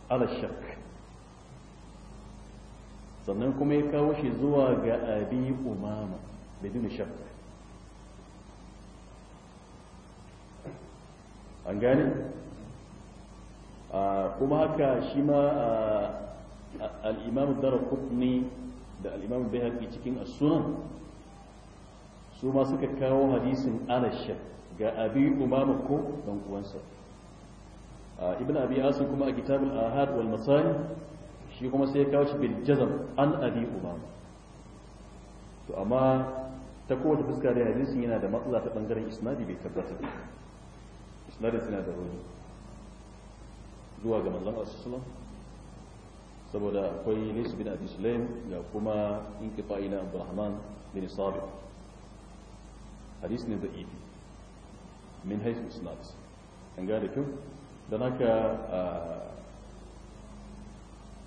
ala sannan kuma ya kawo shi zuwa ga abi umama bidin shakka an gane kuma haka shi ma al'imamu dara da al'imamu bai haƙi cikin asunan su ma suka kawo hadisin anashar ga abi umama ko don kuwansa. ibn abi asin kuma a kitabul ahad wal masani shi kuma sai ya kawo shi bil jazam an abi umama to amma ta kowace fuska da hadisin yana da matsala ta bangaren isnadi bai tabbata ba isnadi suna da rauni zuwa ga manzon sallallahu saboda akwai Laysu bin Abi Sulaim da kuma inqita'i na Abdurrahman bin Sabit hadis ne da'ifi min haythu isnad an ga da kyau dan haka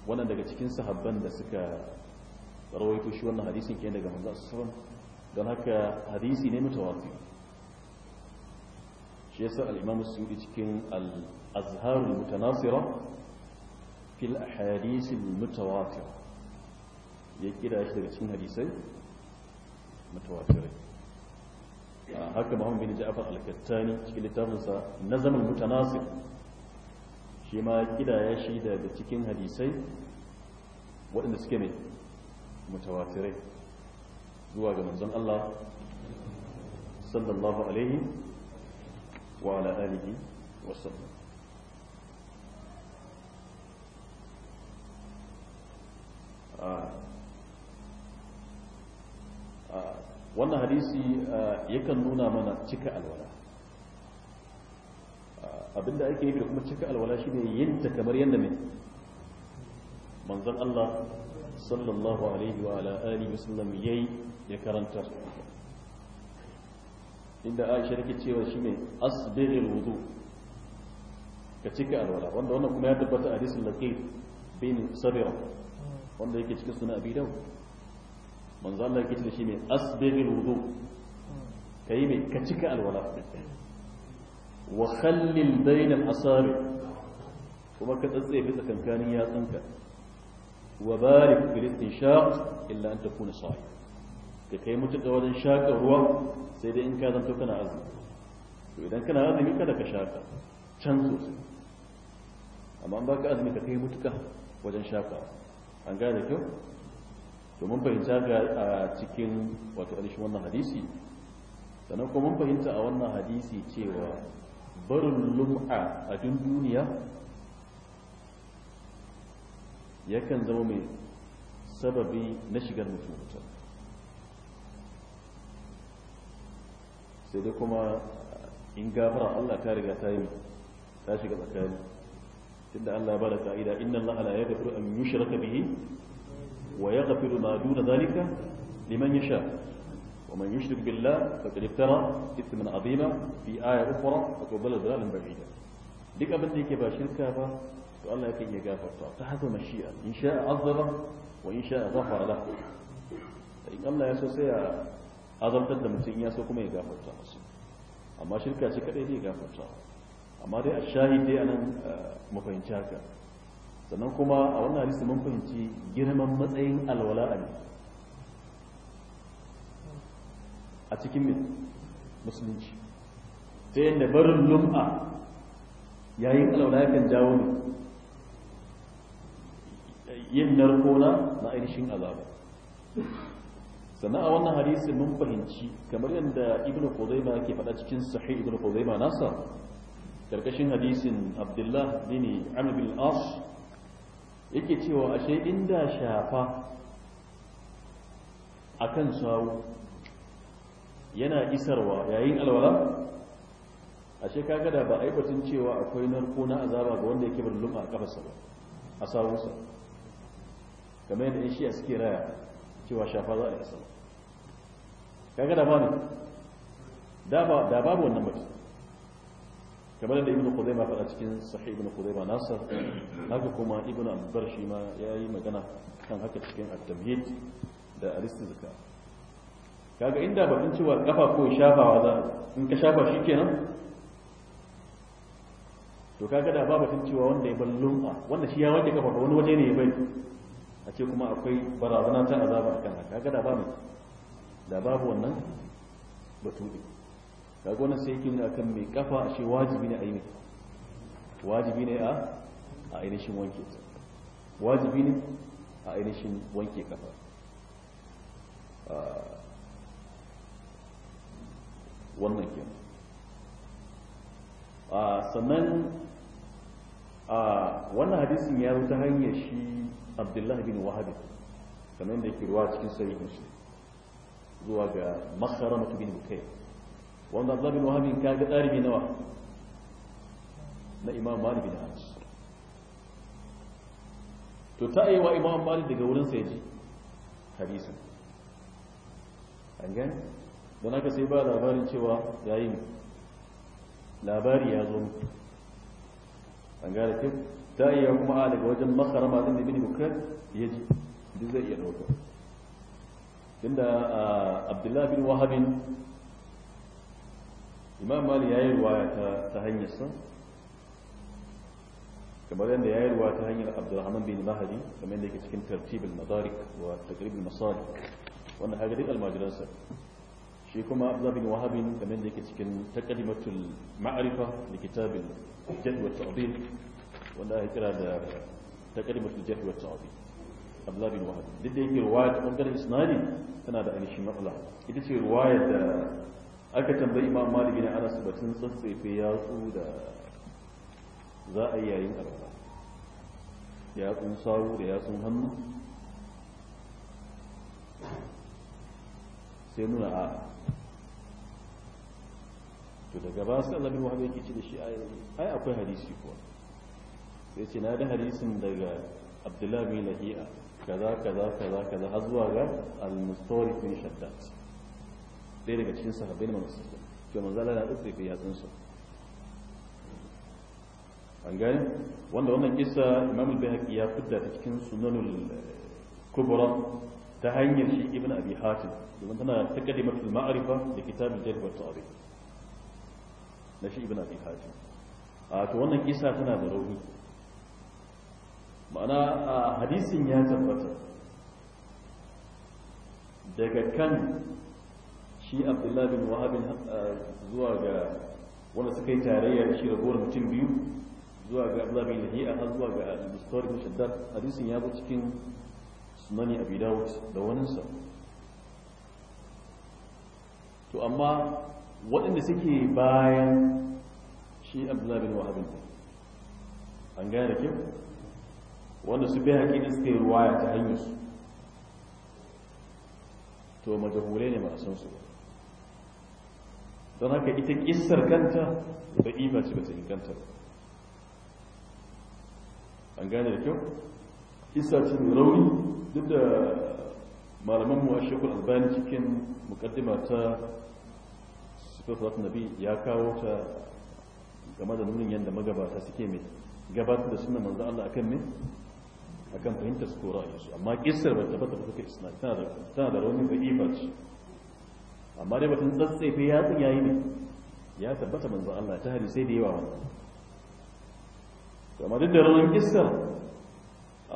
wannan daga cikin sahabban da suka rawaito shi wannan hadisin kenan daga manzo sallallahu alaihi wasallam don haka hadisi ne mutawatir shi yasa al-imam as-suyuti cikin al-azhar al-mutanasira fi al-ahadith al-mutawatir ya kira shi daga cikin hadisai mutawatir haka muhammad bin ja'far al-kattani cikin littafinsa nazam al-mutanasir shi ma ya shi daga cikin hadisai waɗanda suke ne mutawatirai zuwa ga manzon Allah sallallahu alaihi wa ala alihi wa sallam wannan hadisi yakan nuna mana cika alwala abinda ake yi da kuma cika alwala shine yin ta kamar yadda mai manzon Allah sallallahu alaihi wa ala alihi wasallam yayi ya karantar inda Aisha take cewa shine asbiril wudu ka cika alwala wanda wannan kuma ya tabbata a hadisin laqif bin sabira wanda yake cikin sunan abi dawud manzo Allah yake cewa shine asbiril wudu kai mai ka cika alwala وخلل بين الأصابع وما كتزئ بذلك إمكانياتك وبارك في الاستنشاق إلا أن تكون صاحب لكي متقود انشاق هو سيد إن كاد أن تكون عزم وإذا كان عزم يكادك شاقا تنزوز أما أن باك أزمك كي متك وجنشاق أن قال لك ومن فهمت هذا التكين وتؤلش وانا حديثي فنوكو من فهمت أولنا حديثي تيوه barin lum'a a cikin duniya yakan zama mai sababi na shigar mutum mutum sai dai kuma in gafara Allah ta riga ta yi ta shiga tsakani tunda Allah ba da ka'ida inna Allah la yaghfiru an yushraka bihi wa yaghfiru ma duna zalika liman yasha ومن يشرك بالله فقد افترى اثما عظيما في ايه اخرى فتضل ضلالا بعيدا ديك ابن ديك با شركا با تو الله يكن يغفر تو تحسب مشيئه ان شاء عذب وان شاء غفر له فان الله يسو سي عذب تد مسين يسو كما يغفر تو اما شركا سي كدي دي يغفر تو اما دي الشاهد دي انا مفهمتاك sannan kuma a wannan hadisi mun fahimci girman matsayin a cikin musulunci ta yadda barin lum'a yayin ya kan jawo ne yin narkona na ainihin azaba sannan wannan hadisi mun fahimci kamar yadda ibnu kuzaima ke faɗa cikin sahih ibnu kuzaima nasa karkashin hadisin abdullah bin amr bin as yake cewa ashe inda shafa akan sawu yana isarwa yayin alwala ashe kaga da ba a yi batun cewa akwai narko na azaba ga wanda yake bar lumma a kafarsa ba a sawunsa kamar yadda shi a suke raya cewa shafa za a yi sama kaga da bani da babu wannan mutum kamar da ibn ma faɗa cikin sahih ibn ba nasar haka kuma ibn Abdurrahman shi ma yi magana kan haka cikin at da al kaga inda ba cewa kafa ko shafawa za in ka shafa shi kenan to kaga da ba batun cewa wanda ya ballon a wanda shi ya wanke kafa ba wani waje ne ya bai a ce kuma akwai barazana ta azaba a kan kaga da ba ne da babu wannan batu ne kaga wannan sai yake nuna kan mai kafa a shi wajibi ne a yi wajibi ne a a ainihin wanke wajibi ne a ainihin wanke kafa ah, wannan ke sannan wannan hadisin ya ta hanyar shi abdullahi bin wahabi kamar da yake ruwa cikin sahih muslim zuwa ga makharama bin bukai wanda abdullahi bin wahabi ka ga tsari nawa na imam malik bin anas to ta yi wa imam malik daga wurin sa yaji hadisin an gani don haka sai ba labarin cewa yayi labari ya zo an gara ta ta iya kuma a daga wajen ma din da bin bukar ya ji duk zai iya dauka tunda abdullahi bin wahabin imam mali yayi yi ruwaya ta hanyar sa kamar yadda yayi yi ta hanyar abdurrahman bin mahdi kamar yadda yake cikin tartibul madarik wa al masalik wannan hadith al almajiransa shi kuma abdullah bin wahabin kamar da yake cikin taqdimatul ma'rifa da kitabin jadwa ta'dil wanda ake kira da taqdimatul jadwa ta'dil abdullah bin wahab duk da yake riwaya ta bangaren isnadi tana da ainihin matsala ita ce riwaya da aka tambayi imam malik bin anas batun tsatsefe tsu da za a yi yayin ya yatsun sawu da ya yatsun hannu sai nuna a to daga ba sai annabi muhammad yake ci da shi ayi ai akwai hadisi ko sai ce na da hadisin daga abdullahi bin lahiya kaza kaza kaza kaza har zuwa ga al-mustawri bin shaddad ɗaya daga cikin sahabbai ne manzo to manzo Allah ya tsare fi yatsun tsinsu an gani wanda wannan kissa imam al-bayhaqi ya fitta ta cikin sunanul kubra ta hanyar shi ibn abi hatim domin tana taqdimatul ma'rifa da kitabul jarh wa ta'rif na shi ibn abi hatim a to wannan kisa tana da rauni ma'ana hadisin ya tabbata daga kan shi abdullahi bin wahab zuwa ga wanda suka yi tarayya da shi rabuwar mutum biyu zuwa ga abdullahi bin lahiya har zuwa ga al-mustawar bin shaddad hadisin ya bi cikin mani abi dawud da waninsa to amma waɗanda suke bayan shi abdullahi bin wahabin an gane da kyau wanda su bai haƙi suke ruwaya ta hanyar su to majahulai ne masu san su don haka ita ƙisar kanta da ima ce ba ta inganta an gane da kyau kisa ce mai rauni duk da malaman mu a shekul albani cikin mukaddima ta sifafat nabi ya kawo ta game da nunin yadda magabata suke mai gabatar da sunan manzo Allah akan mai akan fahimtar su kora su amma kissar ba tabbata ba take isna tana da rauni da ifa ce amma dai batun tsatsefe ya tsin yayi ne ya tabbata manzo Allah ta hadisi da yawa wannan amma duk da raunin kissar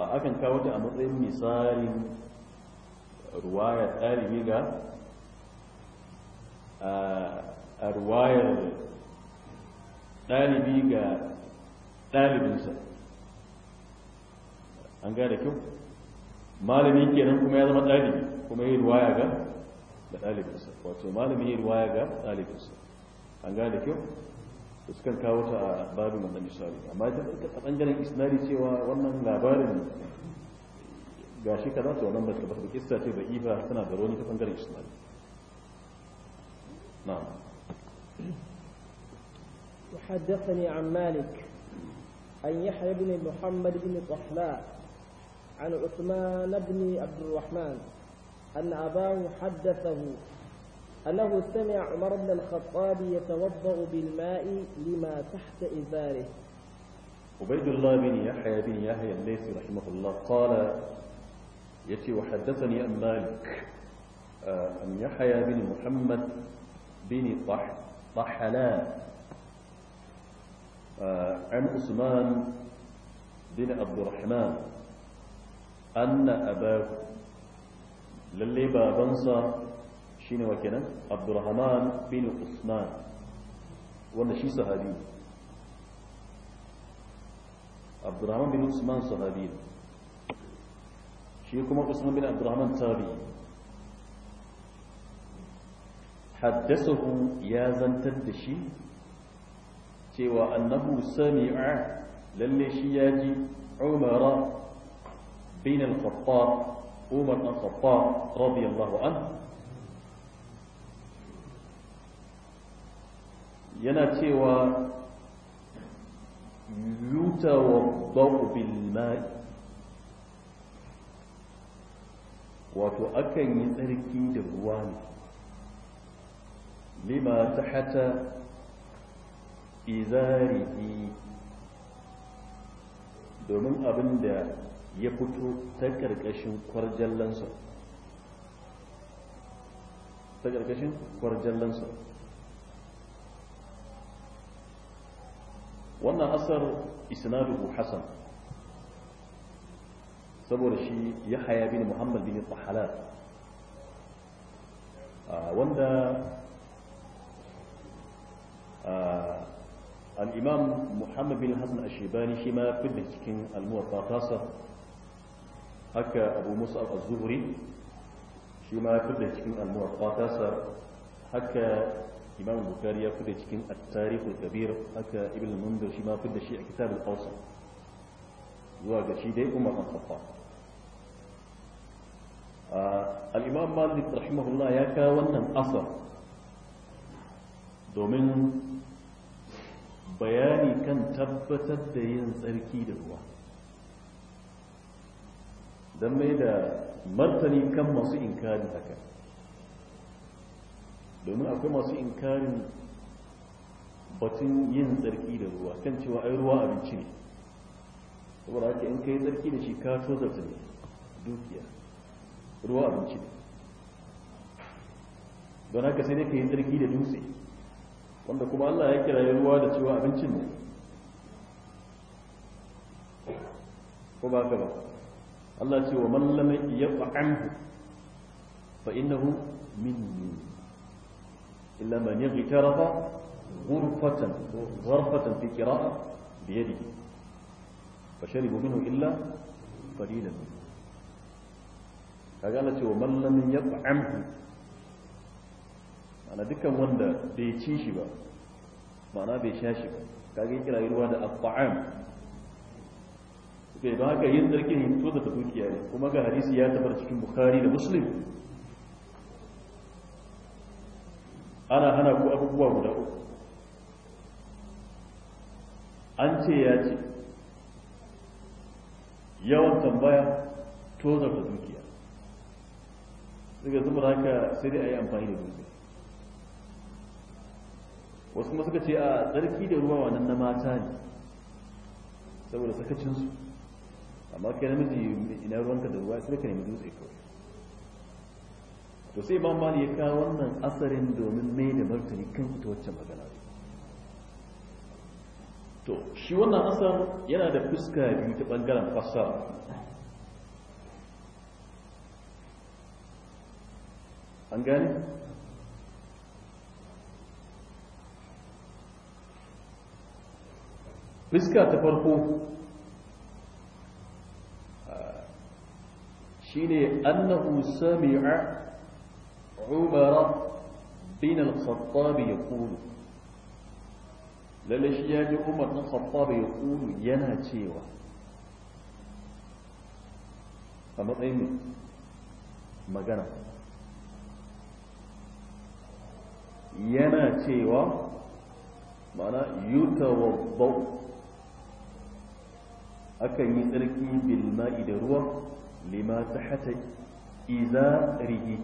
akan kawo ta a matsayin misalin ruwaya ɗalibi ga a ruwayar ɗalibi ga ɗalibinsa an gada kyau malami kenan kuma ya zama ɗalibi kuma yi ruwaya ga da ɗalibinsa wato malami yi ruwaya ga ɗalibinsa an gada kyau suka kawo ta a babin wannan misali amma idan ka tsan ɓangaren isnadi cewa wannan labarin ga shi kaza to wannan ba ta ba kissa ce ba ifa tana da roni ta bangaren isnadi na'am وحدثني عن مالك عن يحيى بن محمد بن طحلاء عن عثمان بن عبد الرحمن أن أباه حدثه أنه سمع عمر بن الخطاب يتوضأ بالماء لما تحت إزاره عبيد الله بن يحيى بن يحيى الليثي رحمه الله قال يتي وحدثني أن مالك أن آه، يحيى بن محمد بن طح طحلان آه، عن عثمان بن عبد الرحمن أن أباه للي بابنصر شين وكنا عبد الرحمن بن عثمان ونشي صحابي عبد الرحمن بن عثمان صحابي شيكم عثمان بن عبد الرحمن تابي حدثه يا زن تدشي سوى أنه سمع للمشياج عمر بن الخطاب عمر الخطاب رضي الله عنه yana cewa yuta wa wato akan yi tsarki da ruwa ne lima ta hata izarihi domin abin da ya fito ta ƙarƙashin kwarjallansa ta ƙarƙashin kwarjallansa wannan asar isnaduhu hasan saboda shi ya haya bin muhammad bin tahalat wanda al'imam muhammad bin hassan ashebani shi ma fidda cikin almuwatta tasa haka abu musa al-zuhri shi ma fidda cikin almuwatta tasa haka imam bukari ya fida cikin at-tarihul kabir haka ibn mundir shi ma fida shi a kitab al-awsa zuwa ga shi dai umar bin khattab al-imam malik rahimahullah ya kawo wannan asar domin bayani kan tabbatar da yin tsarki da ruwa don mai da martani kan masu inkari haka domin akwai masu inkarin batun yin tsarki da ruwa kan cewa ai ruwa abinci ne saboda haka in kai tsarki da shi ka so da ne dukiya ruwa abinci ne don haka sai dai ka yi tsarki da dutse wanda kuma Allah ya kira ruwa da cewa abincin ne ko ba ka ba Allah ce wa mallamai ya fa'anhu fa innahu minni إلا من اغترف غرفة غرفة في كراءة بيده فشرب منه إلا قليلا فقالت ومن لم يطعمه أنا ذكا واندى بيتشيشبا معنى بيشاشبا كاقي كلا يروا الطعام كيف هكا يندركين من توضة تبوكي عليه وما كهديث ياتبرت في مخاري لمسلم ana hana ku abubuwa guda uku an ce ya ce yawan tambaya tozar da dukiya daga zubar haka sai dai a yi amfani da dukiya wasu kuma suka ce a tsarki da ruwa wannan na mata ne saboda sakacinsu amma kai namiji ina ruwanka da ruwa sai ka nemi dutse kawai to sai ban ban ya kawo wannan asarin domin mai da martani kan ita wacce magana to shi wannan asar yana da fuska biyu ta bangaren fasara an gane fuska ta farko ah, shine annahu sami'a umar bin al-khattab yaqulu lalle shi ya ji umar bin khattab yaqulu yana cewa matsayin magana yana cewa mana yutawaddau akan yi tsarki bilma'i da ruwa lima ta hata izarihi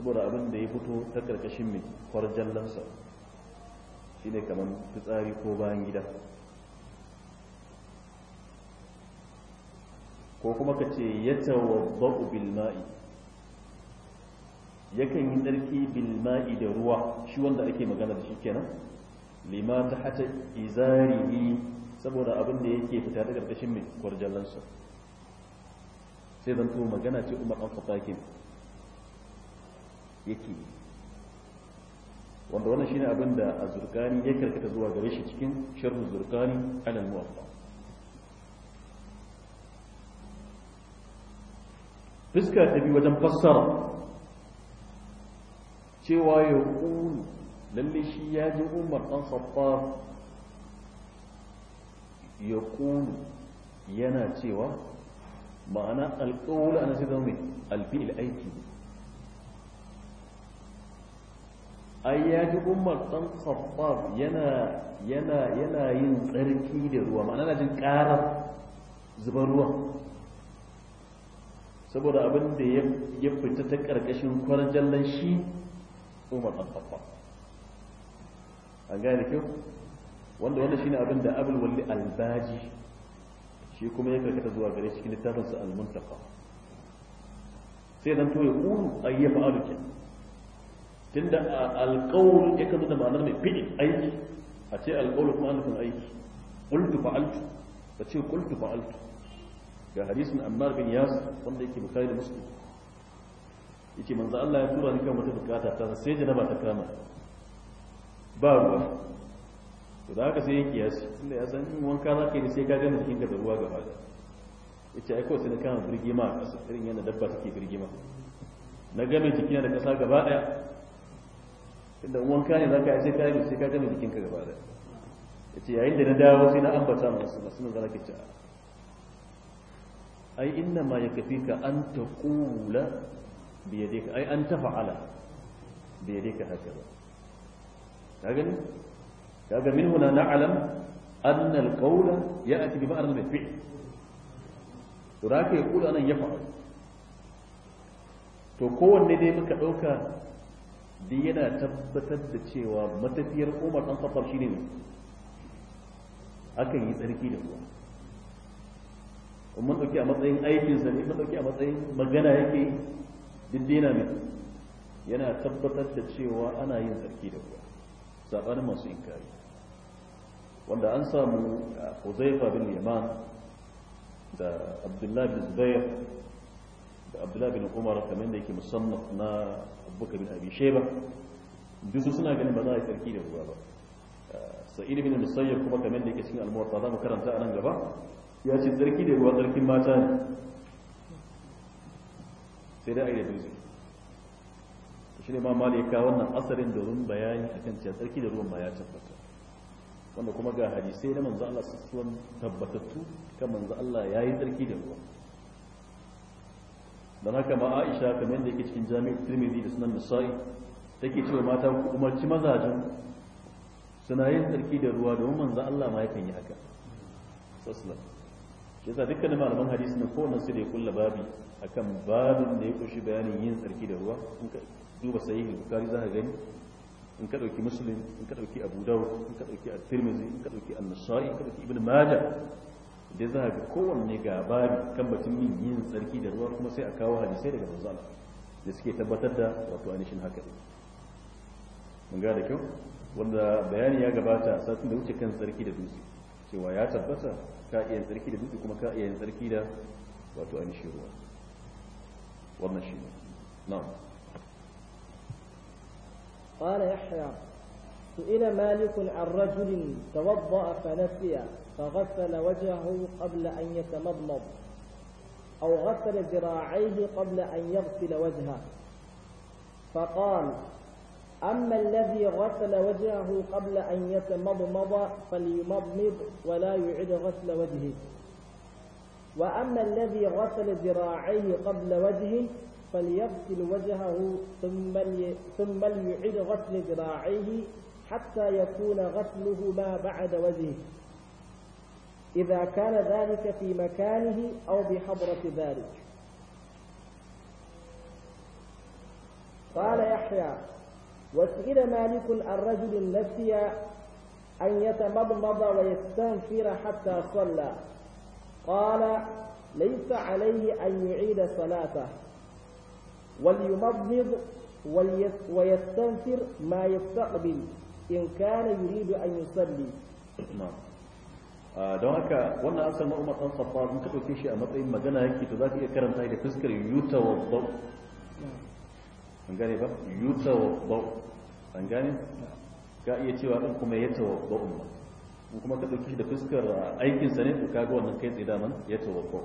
saboda abin da ya fito ta karkashin mai kwarjallansa shi ne kamar fitsari ko bayan gida ko kuma ka ce ya babu bilma'i yakan yi tsarki bilma'i da ruwa shi wanda ake magana da shi kenan lima ta hata izarihi saboda abin da yake fita ta karkashin mai kwarjallansa sai zan to magana ce umar an fatakin yake yi wanda wannan shine abin da a azurkani ya karkata zuwa gare shi cikin sharhu zurkani alal muwaffa fuska ta bi wajen fassara cewa ya lalle shi ya ji umar ɗan saffar ya yana cewa ma'ana alƙawula ana sai zama mai alfi'il aiki ne ai ya ji umar ɗan khattab yana yana yana yin tsarki da ruwa ma'ana na jin ƙarar zubar ruwa saboda abin da ya fita ta karkashin ƙarƙashin kwarjallan shi umar ɗan khattab an gane kyau wanda wannan shine abin da abul walli albaji shi kuma ya karkata zuwa gare cikin littafinsa al-muntaqa sai dan to ya qulu ayyafa'alu alukin tunda alƙawul ya kan da ma'anar mai fi'il aiki a ce alƙawul kuma an nufin aiki qultu fa'altu a ce qultu fa'altu ga hadisin Ammar bin yas wanda yake bukari da Muslim yake manzo Allah ya tura ni kan wata bukata ta sai janaba ta kama ba ruwa to da haka sai ya kiyasi tunda ya san in wanka zaka yi sai ka gane ka da ruwa gaba da yace ai ko sai na kama birgima a ƙasa irin yana dabba take birgima na game jikina da kasa gaba ɗaya inda wanka ne ka yi sai ka yi sai ka gama jikinka gaba da ya ce yayin da na dawo sai na ambata masu masu nan zaka ci ai inna ma yakfika an taqula bi yadika ai an tafa'ala bi yadika hakaza ka gani kaga min huna na'lam anna al-qawla ya'ti bi ma'na al-fi'l to da ka yi kula nan ya fa'al to kowanne dai muka ɗauka. da yana tabbatar da cewa matafiyar umar ɗan kafar shi ne akan yi tsarki da ruwa kuma ɗauki a matsayin aikinsa ne kuma ɗauki a matsayin magana yake duk yana mai yana tabbatar da cewa ana yin tsarki da ruwa saɓanin masu inkari wanda an samu huzaifa bin yaman da abdullahi zubair da abdullahi bin umar kamar da yake musannaf na abuka bin abi sheba duk su suna ganin ba za a yi da ruwa ba sa'id bin musayyab kuma kamar da yake cikin almuwatta za mu karanta a nan gaba ya ce tsarki da ruwa tsarkin mata ne sai dai a yi da dutse shi ne ma malika wannan asarin domin bayani akan cewa tsarki da ruwan ma ya tabbata wanda kuma ga hadisai na manzo Allah sassuwan tabbatattu kan manzo Allah ya yi da ruwa don haka ma aisha kamar yadda yake cikin jami'ar tirmidhi da sunan nisa'i take cewa mata ku umarci mazajen suna yin tsarki da ruwa domin manzo Allah ma yakan yi haka sallallahu shi yasa dukkanin malaman hadisi na kowanne su da ya kulla babi akan babin da ya kushi bayanin yin tsarki da ruwa in ka duba sahihul bukhari za ka gani in ka dauki muslim in ka dauki abu dawud in ka dauki at-tirmidhi in ka dauki an-nasa'i in ka dauki ibn majah da za ga kowanne ga kan batun min yin tsarki da ruwa kuma sai a kawo hadisai daga manzo Allah da suke tabbatar da wato anishin haka mun ga da kyau wanda bayani ya gabata satin da wuce kan tsarki da dutse cewa ya tabbata ka iya tsarki da dutse kuma ka iya yin tsarki da wato anishin ruwa wannan shi ne na'am سئل مالك عن رجل توضأ فنسي فغسل وجهه قبل أن يتمضمض أو غسل ذراعيه قبل أن يغسل وجهه فقال أما الذي غسل وجهه قبل أن يتمضمض فليمضمض ولا يعيد غسل وجهه وأما الذي غسل ذراعيه قبل وجهه فليغسل وجهه ثم ثم ليعيد غسل ذراعيه حتى يكون غسله ما بعد وجهه إذا كان ذلك في مكانه أو بحضرة ذلك قال يحيى وسئل مالك الرجل نسي أن يتمضمض ويستنفر حتى صلى قال ليس عليه أن يعيد صلاته وليمضمض ويستنفر ما يستقبل in kana yuridu an yusalli don haka wannan an samu umar ɗan safa in ka ɗauke shi a matsayin magana yake to za ka iya karanta da fuskar yuta wa bau an gane ba yuta wa bau an gane ka iya cewa ɗin kuma ya tawa bau ba in kuma ka ɗauke shi da fuskar aikinsa ne to ka ga wannan kai tsaye daman ya tawa bau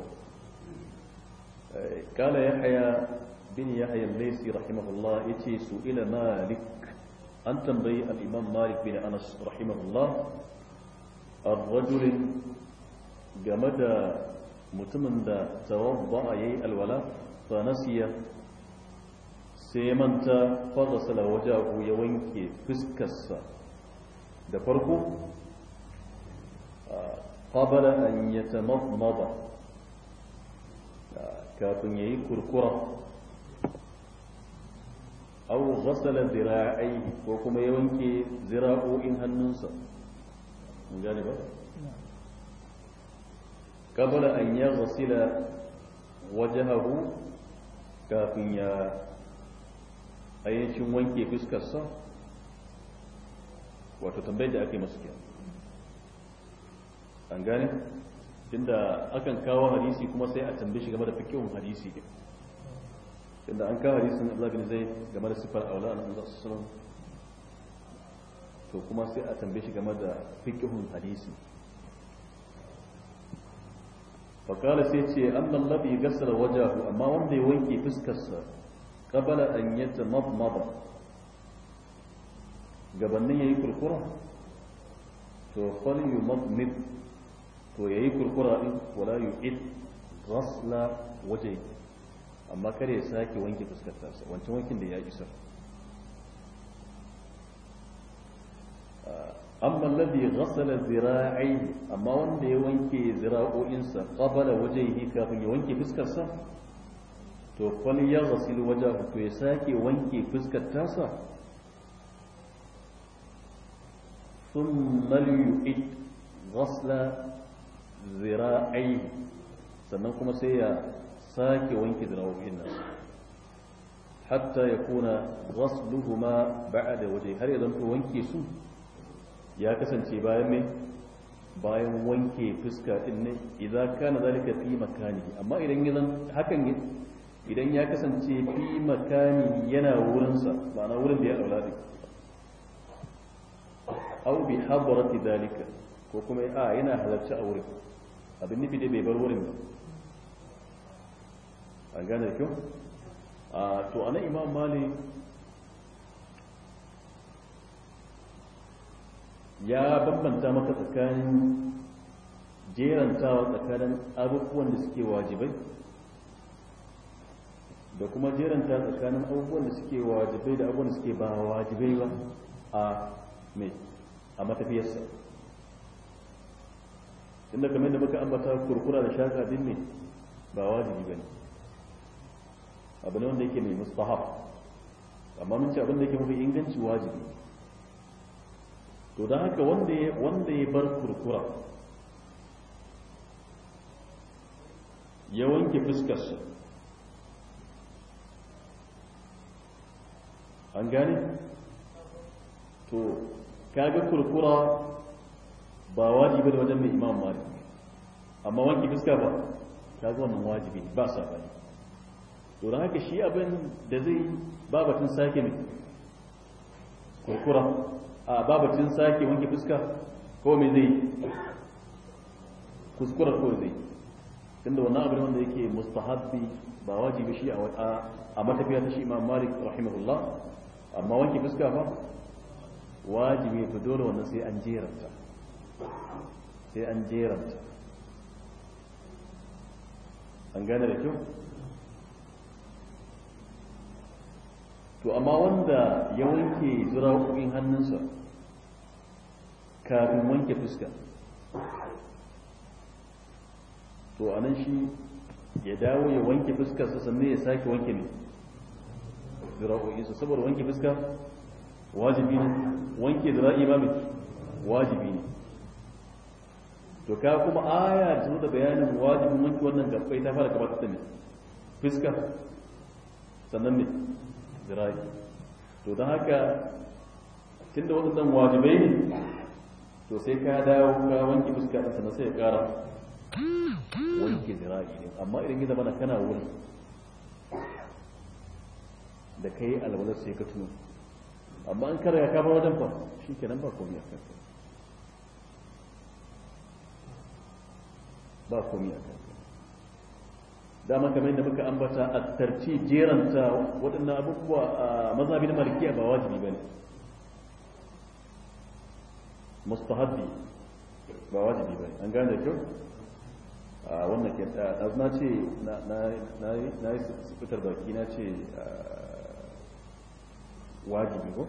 kala ya haya bin ya haya laisi rahimahullah ya ce su ila malik أن تنبي الإمام مالك بن أنس رحمه الله الرجل جمد متمن دا توضع يي الولاء فنسي سيمن تا فغسل وجهه يوينك فسكس دا فرقو قبل أن يتمضمض كافن يي كركرة aw ghasala zira'aihi ko kuma ya wanke zira'o'in hannunsa mun gane ba kabala an ya ghasila wajhahu kafin ya ayyacin wanke fuskarsa wato tambayar da ake masu kenan an gane tunda akan kawo hadisi kuma sai a tambaye shi game da fikihun hadisi din إذا أنك هريسن الله بن زيد جمال السفر أو لا أنا أنزل صلى الله عليه وسلم فكما سيأتن بيش جمال فكه الحديث فقال سيتي أما الذي قصر وجهه أما ومضي وينكي فسكس قبل أن يتمض مضى جبنية يكر كرة فقال يمض مض فيكر كرة ولا يعيد غسل وجهه amma kare ya sake wanke fuskar tasa wancan wankin da ya isa ah, amma ladhi ghassala zira'i amma wanda ya wanke zira'o'insa qabala wajhihi kafin ya wanke fuskar sa to fal yaghsil wajhahu to ya sake wanke fuskar tasa thumma yu'id ghasla zira'i sannan kuma sai ya sake wanke zira'o'in nan hatta ya kuna ghasluhuma ba'da waje har ya zanto wanke su ya kasance bayan mai bayan wanke fuska din ne idan kana zalika fi makani amma idan yanzu hakan hakan idan ya kasance fi makani yana wurinsa ma'ana wurin da ya aula din aw bi hadrati dalika ko kuma a yana halarci a wurin abin nufi dai bai bar wurin ba an gane kyau a to anan imam Mali ya bambanta maka tsakanin jerantawa tsakanin abubuwan da suke wajibai da kuma jeranta tsakanin abubuwan da suke wajibai da abubuwan da suke ba wajibai ba a mai a matafiyarsa inda kamar da muka ambata kurkura da shaka din ne ba wajibi ba ne abu ne wanda yake mai mustahab amma mun ce abin da yake mafi inganci wajibi to don haka wanda ya bar kurkura ya wanke fuskarsa an gane to kaga kurkura ba wajibi da wajen mai imam malik amma wanke fuska ba kaga wannan wajibi ba sabani to don haka shi abin da zai babatun sake ne kurkura a babatun sake wanke fuska ko mai zai kuskura ko zai tunda wannan abin wanda yake mustahabbi ba wajibi shi a matafiya ta shi imam malik rahimahullah amma wanke fuska ba wajibi ya fi dole wannan sai an jeranta sai an jeranta an gane da kyau to amma wanda ya wanke hukumin hannunsa kafin wanke fuska to a nan shi ya dawo ya wanke su sannan ya sake wanke ne su saboda wanke fuska wajibi ne wanke zura'i ma wajibi ne to ka kuma aya da da bayanin wajibin wanke wannan gabbai ta fara gabata da ne fuska sannan ne zira'i to don haka tunda waɗannan wajibai ne to sai ka dawo ka wanke fuska ɗansa na sai ya ƙara wanke zira'i ne amma idan ya zamana kana wurin da ka yi alwalar sai ka tuno amma an kara ya kafa wajen fa shi kenan ba komi a ba komi a dama kamar yadda muka ambata a tarci jeranta waɗannan abubuwa a mazhabi na malikiya ba wajibi ba ne mustahabbi ba wajibi ba ne an gane da kyau a wannan ke na ce na yi fitar baki na ce wajibi ko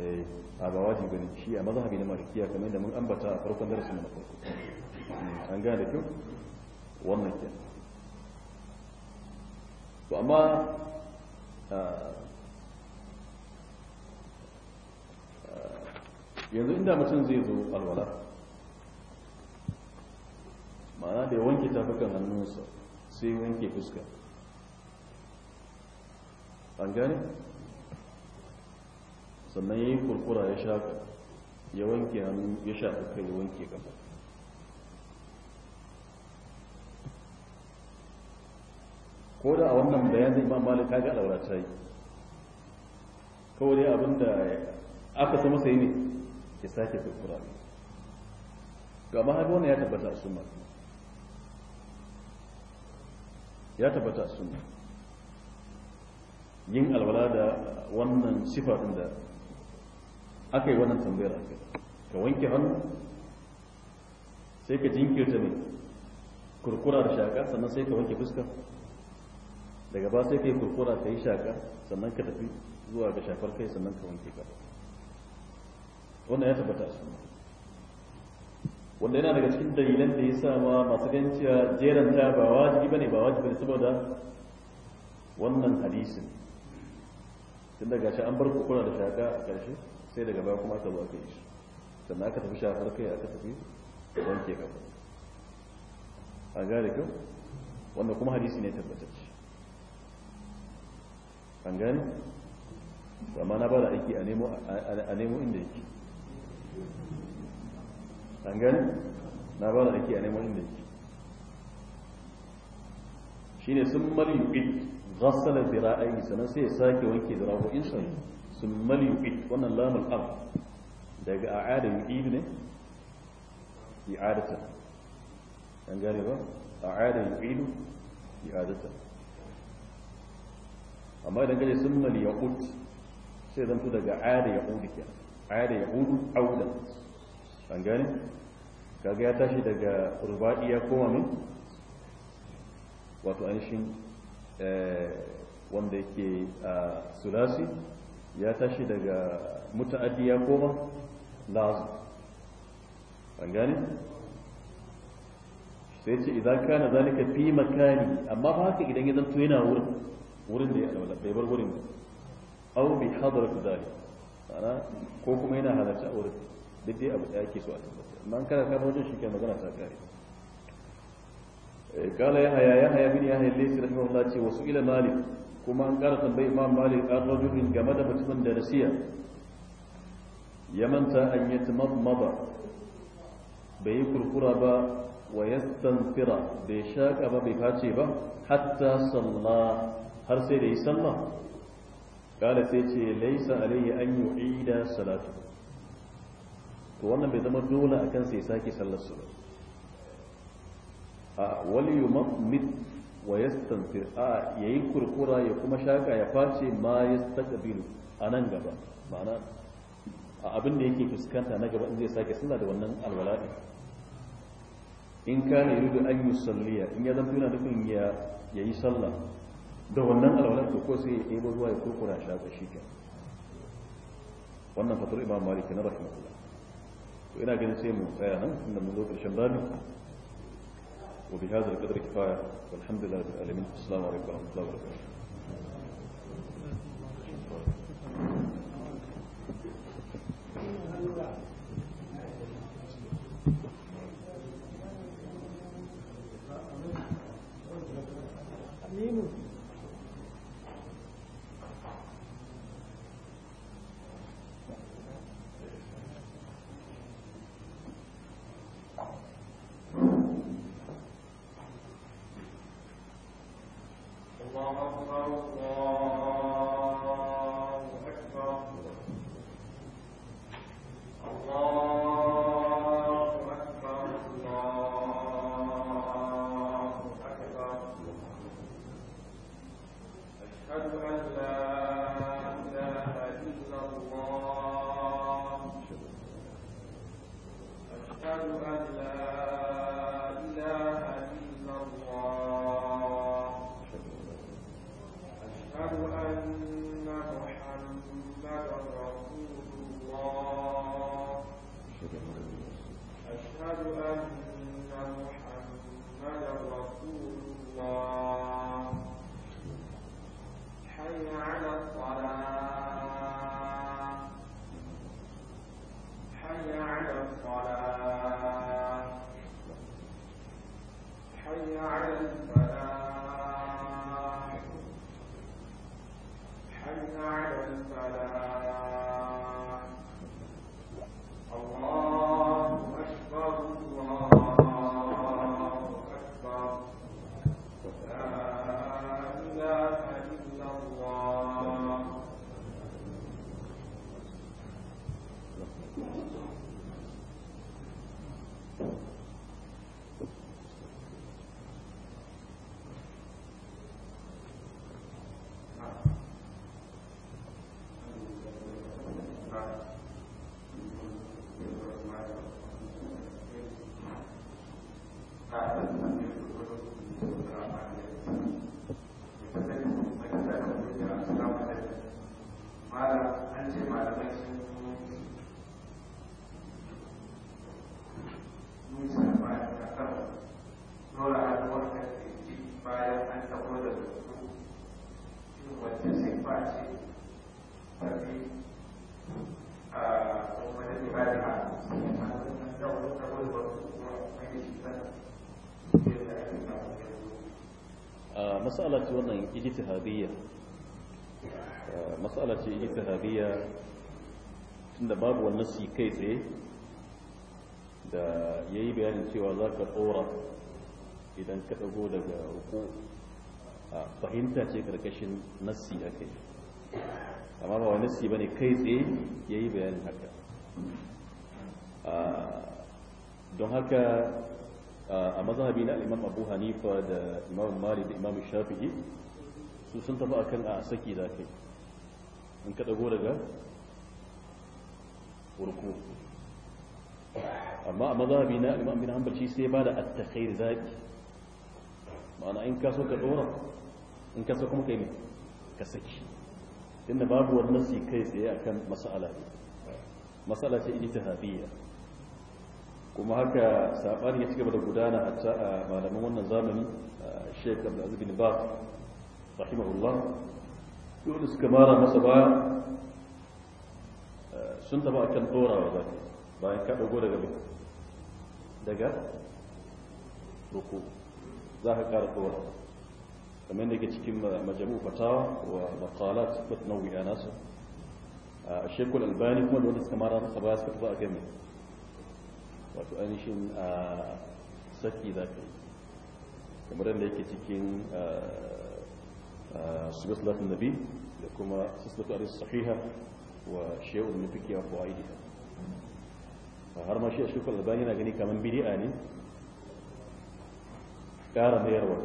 eh, a ba wajibi ba ne shi a mazhabi na malikiya kamar yadda mun ambata a farkon darasin na farko hmm, an gane da kyau wannan ke to amma ah, ah, yanzu inda mutum zai zo alwala ma'ana da ya wanke tafukan hannunsa sai wanke fuska an gane sannan ya yi kurkura ya shafa ya wanke hannu ya shafa kai ya wanke kafa ko da a wannan bayanin imam malik ga alwala ta yi kawai dai abinda aka sama sai ne ya sake kurkura. ne to amma wannan ya tabbata a suna ya tabbata a suna yin alwala da wannan sifa din da aka yi wannan tambayar aka ka wanke hannu sai ka jinkirta ne kurkura da shaka sannan sai ka wanke fuska daga ba sai kai kurkura ka yi shaka sannan ka tafi zuwa ga shafar kai sannan ka wanke ka wannan ya tabbata su wanda yana daga cikin dalilan da ya sama masu ganin jeran ta ba wajibi bane ba wajibi ne saboda wannan hadisin tun daga shi an bar kurkura da shaka a ƙarshe sai daga baya kuma aka zo aka yi shi sannan aka tafi shafar kai aka tafi wanke kafa a gare ka wanda kuma hadisi ne tabbatacce an da ma na bada aiki a nemo inda yake an gani na bada aiki a nemo inda yake shine sun mali yuqit ghassala aiki sannan sai ya sake wanke dira'o'in sa sun mali yuqit wannan lamar am daga a'ada yuqit ne adata an gani ba a'ada yuqit adata. amma idan mali ya yaqut sai zan zanto daga ayar yaqudu ke ayar yaqudu audan an gani kaga ya tashi daga rubaɗi ya koma min wato shi eh, wanda yake a eh, sulasi ya tashi daga muta'addi ya koma lazu an gani sai ce idan kana zalika fi makani amma ba haka idan zan zanto yana wurin wurin da ya alwala bai bar wurin ba aw bi hadratu zalik ana ko kuma yana halarta a wurin duk dai abu da yake so a tabbata amma an kana kafa wajen shi ke magana ta kare قال يحيى يحيى بن يحيى الليثي رحمه الله تعالى وسئل مالك كما ان قال تنبيه امام مالك قال رجل جمد متمن درسيه يمنت ان يتمضمض بيكل قربا ويستنفر بشاك ابا بفاتي حتى صلى har sai da yi sallah kada sai ce laisa alayhi an yu'ida salatu to wannan bai zama dole akan sai sake sallar su a wali yumammit wa yastanfir a yayi kurkura ya kuma shaka ya face ma yastaqbilu anan gaba ma'ana a abin da yake fuskanta na gaba in zai sake sallah da wannan alwala'i in kana yuridu an yusalliya in ya zanto yana nufin ya yi sallah da wannan alwalar to ko sai ya ɗebo ruwa ya kurkura shi ta shi kan wannan fatar imam malik na rahimahullah to ina ganin sai mu tsaya nan tunda mun zo karshen wa bi hadha al القدر kifaya والحمد لله alamin assalamu alaikum wa rahmatullahi wa barakatuh Matsala ce wannan ijtihadiyya eh, mas'ala ce ijtihadiyya tunda babu wannan si kai tsaye da yayi bayanin cewa zaka tsora idan ka dago daga ruku fahimta ce karkashin nassi akai amma ba wani nassi bane kai tsaye yayi bayanin haka don haka a mazhabi na imam abu hanifa da imam mali da imam shafi'i su sun tafi akan a saki da kai in ka dago daga urku amma a mazhabi na imam bin hanbal shi sai ba da at-takhair zaki ma'ana in ka so ka dora in ka so kuma kai ne ka saki tunda babu wannan sai kai tsaye akan mas'ala ne mas'ala ce ijtihadiyya kuma haka sabani ya cigaba da gudana hatta a malaman wannan zamani Sheikh Abdulaziz bin Baz rahimahullah dole suka mara masa baya sun tafi akan dorawa ba bayan ka dago daga daga ruku za ka kara dora kamar da cikin majamu fatawa wa maqalat fatnawi nasu Sheikh al albani kuma da wanda suka mara masa baya suka taba akan mai wato ainihin a saki za ka yi kamar yadda yake cikin shiga salatun nabi da kuma sassatu aris sahiha wa shehun na fikiya ko aidika har ma shi a shukar da yana gani kamar bidi'a ne ƙara mayarwa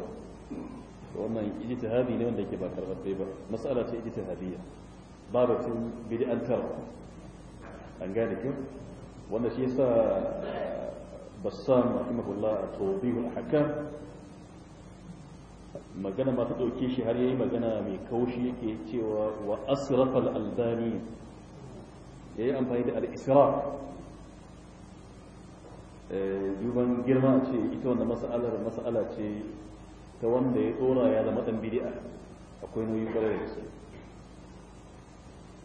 wannan ijtihadi ne wanda ke ba karbabbe ba masala ce ijtihadiyya babu cin bid'antar an gane kyau wanda shi yasa bassam rahimahullah tawdihul haka magana ba ta dauke shi har yayi magana mai kaushi yake cewa wa asrafal albani yayi amfani da al-israf eh, duban girma ce ita wannan mas'alar mas'ala ce ta wanda ya tsora ya zama dan bid'a akwai nauyi kwarai da su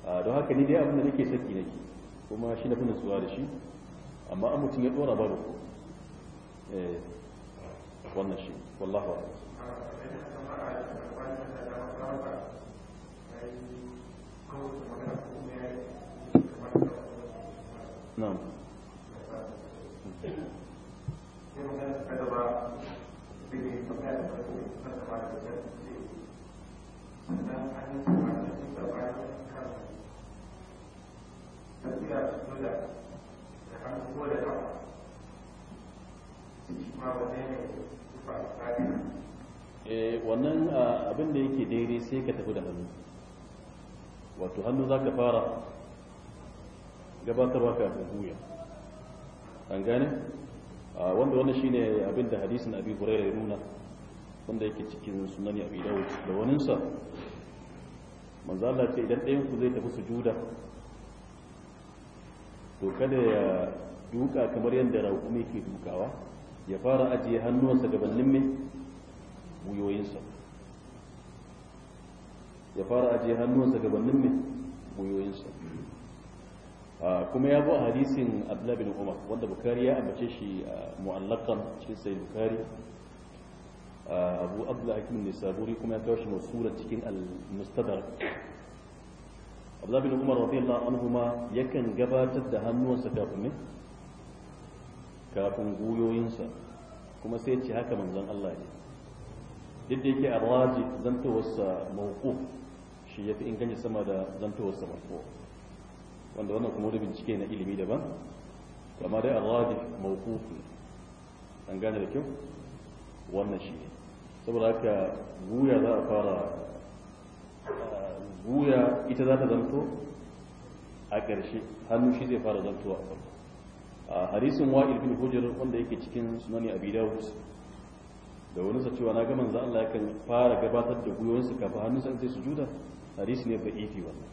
ah, don haka ni dai abin da nake saki nake kuma shi na kuna tsuwa da shi amma an mutum ya dora babu ko wannan shi wallahu a'lam na'am Thank you. Eh, wannan abin da yake daidai sai ka tafi da hannu wato hannu za ka fara gabatarwa kafin guya an gane wanda wannan shine abin da hadisin abi hurairah ya nuna wanda yake cikin sunani abi dawud da waninsa manzo Allah ce idan ɗayan ku zai tafi sujuda to kada ya duka kamar yadda raƙumi ke dukawa ya fara ajiye hannuwansa gabanin mai wuyoyinsa ya fara ajiye hannuwansa gabanin mai wuyoyinsa kuma ya bu a hadisin abdullabin umar wanda bukari ya ambace shi a mu'allakan cikin sai bukari abu abdullahi hakim ne saburi kuma ya kawo shi masu cikin al-mustadar abdullahi bin umar radiyallahu anhuma yakan gabatar da hannuwansa kafin ne kafin guyoyinsa kuma sai ce haka manzon Allah ne duk da yake arwaji zantowarsa mawquf shi yafi inganci sama da zantowarsa marfu wanda wannan kuma wani bincike na ilimi daban amma dai arwaji mawquf an gane da kyau wannan shi ne saboda haka guya za a fara wuya ita za ta zanto a ƙarshe hannu shi zai fara zantowa a farko a harisun hujjar wanda yake cikin sunani abi wasu. da wani sa cewa na ga manzo Allah kan fara gabatar da gwiwansa kafin hannunsa sai sujuda hadisi ne da'ifi wannan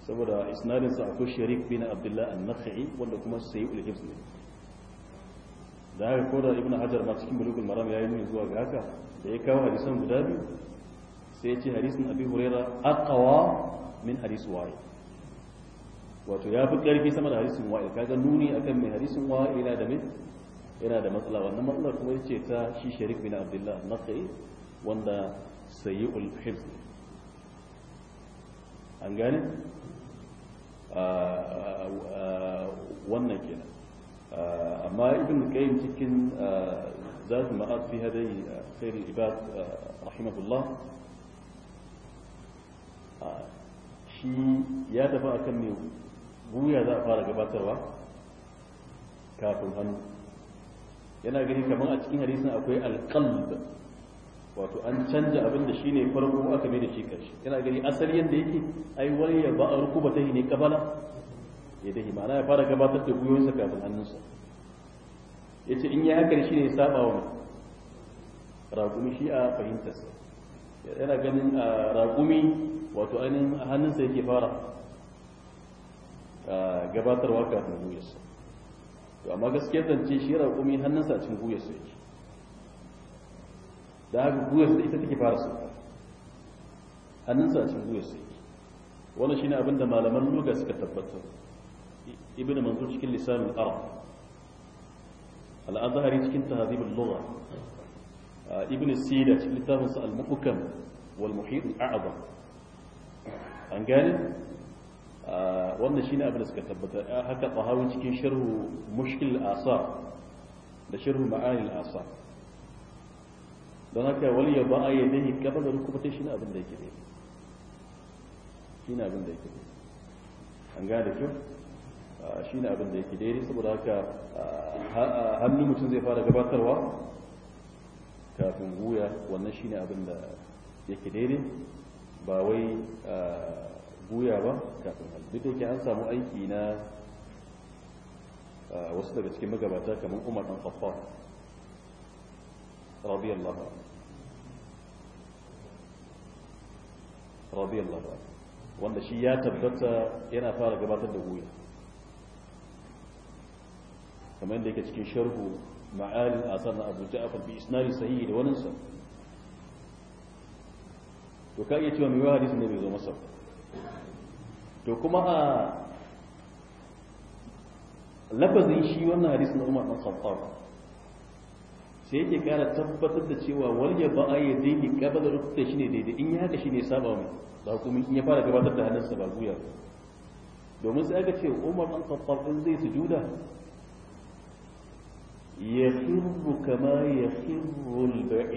saboda isnadin sa akwai sharik bin abdullah an-nakhai wanda kuma sai ul hifz ne da haka koda ibnu hajar ma cikin bulugul maram yi nuni zuwa ga haka da ya kawo hadisan guda biyu sai ce hadisin abi huraira aqwa min hadis wa'il wato ya fi karfi sama da hadisin wa'il kaga nuni akan mai hadisin wa'il yana da mai yana da matsala wannan matsalar kuma ce ta shi sharif bin abdullah naqi wanda sayyul hifz an gane wannan kenan amma ibn qayyim cikin zat ma'ad fi hadai khairul ibad rahimahullah shi ya tafi kan mai guya za a fara gabatarwa kafin hannu yana gani kamar a cikin hadisin akwai alƙalb wato an canja abin da ne farko aka mai da shi karshe yana gani asali yadda yake ai wani ya ba a rukuba ta ne kabala ya dahi ma'ana ya fara gabatar da guyoyinsa kafin hannunsa ya ce in yi haka shi ne saba wa raƙumi shi a fahimtarsa yana ganin raƙumi wato ainihin hannunsa yake fara a gabatarwa kafin huyarsa to amma gaskiyar zance shi raƙumi hannunsa a cikin guyarsa yake da haka huyarsa da ita take fara sauka hannunsa a cikin guyarsa yake wani shi ne abinda malaman luga suka tabbatar ibn mansur cikin lisanin arab al-azhari cikin tahdhibul lugha ibn sida cikin littafinsa al-muhkam wal muhit a'adam an gane wannan ne abin da suka tabbata haka tsahawun cikin shirhu mushkil asa da shirhu ma'ayin asa don haka wani ya ba'a yi dai gaba da rukubatai shine abin da yake ne abin da yake ne an gane da kyau ne abin da yake daidai saboda haka hannun mutum zai fara gabatarwa kafin guya wannan shi ne abin da yake daidai ba wai guya ba kafin hal duk da yake an samu aiki na wasu daga cikin magabata kamar umar dan khattab radiyallahu anhu wanda shi ya tabbata yana fara gabatar da guya kamar yadda yake cikin sharhu ma'alin asar na abu ja'afar bi isnari sahihi da waninsa to ka iya cewa mai yawa hadisin ne bai zo masa to kuma a ah, lafazin shi wannan hadisi na umar ɗan sai yake kara tabbatar da cewa wal ya ba'a ya da kabala shi ne daidai in ya haka shine saba mai ba kuma in ya fara gabatar da hannunsa ba guya domin sai aka ce umar ɗan ɗin din zai sujuda ya khirru kama ya khirru al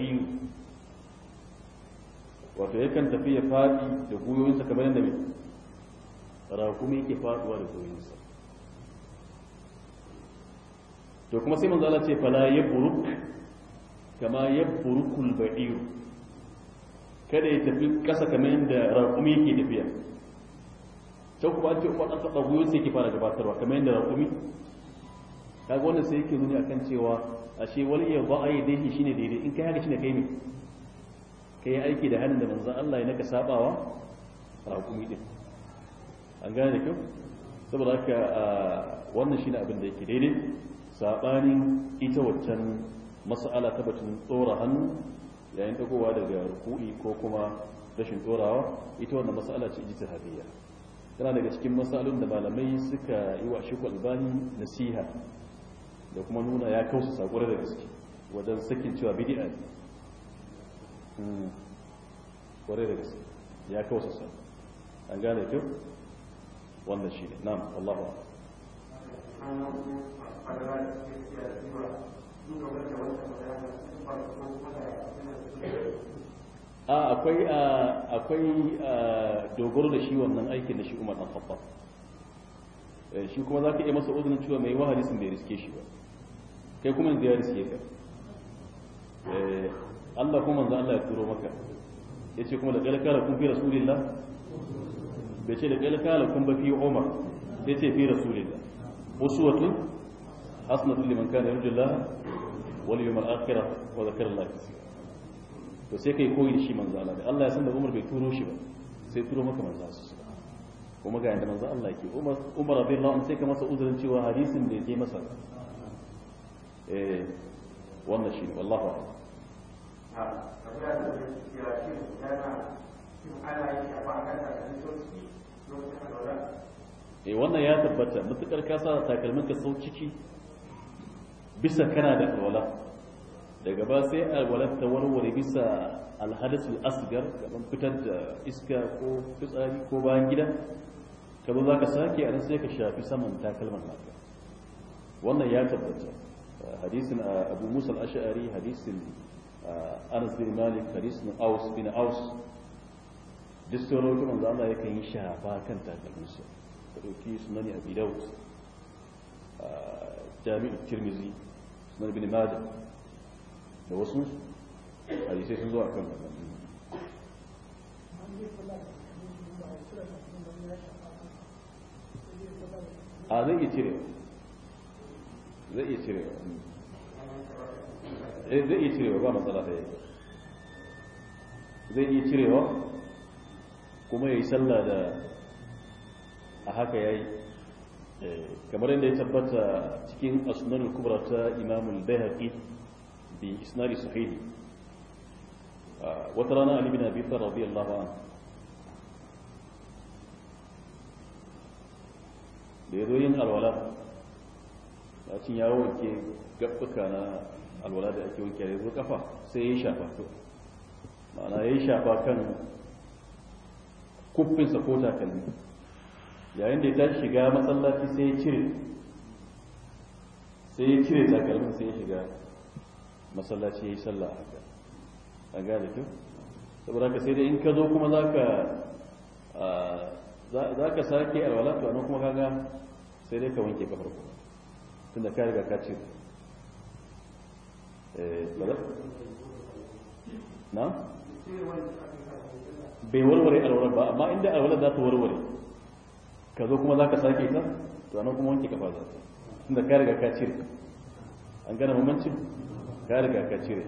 wato yakan tafi ya faɗi da goyoyinsa kamar yadda mai rakumi yake faɗuwa da goyoyinsa to kuma sai manzala ce fala buruk kama ya burukul baɗiru kada ya tafi ƙasa kamar yadda rakumi yake tafiya ta kuma ce kuma ɗan taɓa goyon sai ke fara gabatarwa kamar yadda rakumi kaga wannan sai yake nuni akan cewa ashe wani iya ba'a yadayhi shine daidai in kai haka shine kai ne ka yi aiki da hannun da manzan Allah ya naka sabawa raƙumi din an gane da kyau saboda haka wannan shine abin da yake daidai sabanin ita waccan mas'ala ta batun tsora hannu yayin dagowa daga ruku'i ko kuma rashin tsorawa ita wannan mas'ala ce ijtihadiyya tana daga cikin masalun da malamai suka yi wa shi albani nasiha da kuma nuna ya kausa sakura da gaske wajen sakin cewa bidi'a. ne Hmm. kwarai da gaske ya kawo sassan an gane kyau wannan shi ne na'am Allah ba a akwai akwai dogaro da shi wannan aikin da shi umar dan khattab eh, shi kuma za ka iya masa uzurin cewa mai wahalisin bai riske shi ba kai kuma yanzu ya riske ka eh, Allah kuma manzo Allah ya turo maka yace kuma da kalkala kun fi rasulillah bai ce da kalkala kun ba fi umar sai ce fi rasulillah uswatun hasanatu liman kana yarju Allah wal yawmal akhir wa dhakara Allah to sai kai koyi da shi manzo Allah Allah ya san da Umar bai turo shi ba sai turo maka manzo su kuma ga yadda manzo Allah yake Umar Umar radiyallahu anhu sai ka masa uzurin cewa hadisin da yake masa eh wannan shine wallahi eh wannan ya tabbata mutukar ka sa takalmin ka sau ciki bisa kana da alwala daga ba sai alwalar ta warware bisa alhadis al'asgar gaban fitar da iska ko fitsari ko bayan gida ka ba za ka sake a sai ka shafi saman takalman naka wannan ya tabbata hadisin abu musa al-ash'ari hadisin anas bin malik faris bin aus bin aus duk sauran wata manzo Allah yakan yi shafa kan takalminsa ka ɗauki sunani abi daud jami'u tirmizi sunan bin madan da wasu hadisai sun zo a kan wannan a zai iya cirewa zai iya cirewa eh zai iya cirewa ba matsala da yake zai iya cirewa kuma ya yi sallah da a haka ya yi kamar yadda ya tabbata cikin asunan kubra ta imamul bayhaqi bi isnari sahihi wata rana ali bin abi talib radiyallahu anhu da ya zo yin alwala bacin ya wanke gabbuka na alwala da ake wanke yanzu kafa sai ya shafa to ma'ana ya shafa kan kuffinsa ko takalmi yayin da ya tashi shiga masallaci sai ya cire sai ya cire takalmin sai ya shiga masallaci ya yi sallah haka a gane kyau saboda ka sai dai in ka zo kuma za ka za ka sake alwala to kuma ga sai dai ka wanke kafar kuma da ka riga ka cire Eh, na? bai warware alwalar ba amma inda alwalar za ta warware ka zo kuma za ka sake ta to nan kuma wanke kafa za ta tunda ka riga ka cire an gana mamancin ka riga ka cire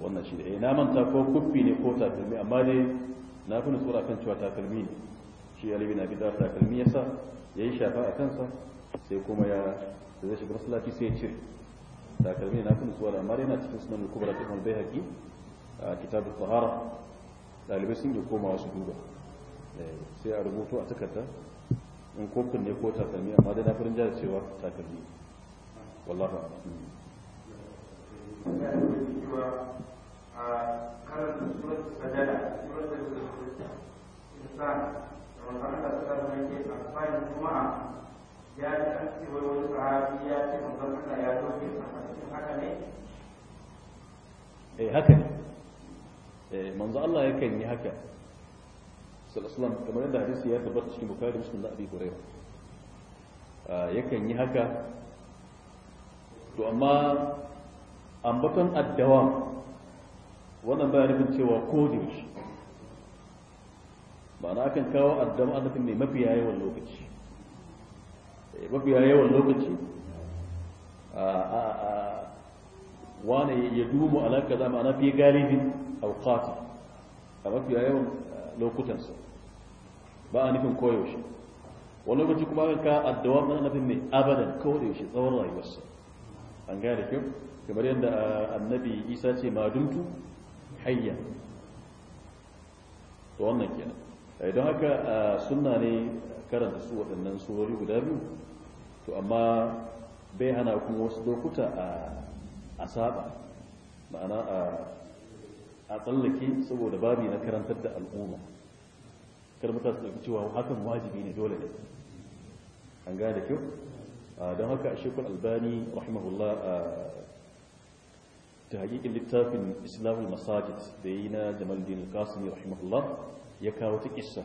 wannan shi da ya eh, na manta ko kuffi ne ko takalmi amma dai na fi nutsuwa kan cewa takalmi ne shi alibi na bidar takalmi ya sa ya yi shafa a kansa sai kuma ya zai shiga masallaci sai ya cire تاكرمين لكم سورة مرينة حسنا من الكبرى في حول بيهكي آه، كتاب الطهارة لالبسين يقوم واسجودة إيه، سيا ربوتو أتكتا إن كنت نيكو تاكرمين ما دينا فرنجا سوا تاكرمين والله أعلم كانت سورة السجادة سورة ya ji an Allah ya ne haka yi haka sallallahu kamar yadda hadisi ya tabbata cikin bukari muslim abi ya kan yi haka to amma ambaton addawa wannan baya nufin cewa ko da ba na akan kawo addama annabin ne mafi yawan lokaci mafiya yawan lokaci wane ya dumu alaƙa zama na fi galibin auƙata a mafiya yawan lokutansa ba a nufin koyaushe wani lokaci kuma ka addawa na nufin ne abadan koyaushe tsawon rayuwarsa an gane kyau kamar yadda annabi isa ce ma dumtu hayya to wannan kenan eh, don haka suna ne karanta su waɗannan surori guda biyu to amma bai hana kuma wasu lokuta a saba ma'ana a tsallake saboda babi na karantar da al'umma kar mutane su ɗauki cewa hakan wajibi ne dole ne an gane da kyau don haka a shekul albani rahimahullah a ta haƙiƙin littafin islamul masajid da yi na jamal jamaldin kasimi rahimahullah ya kawo ta kissa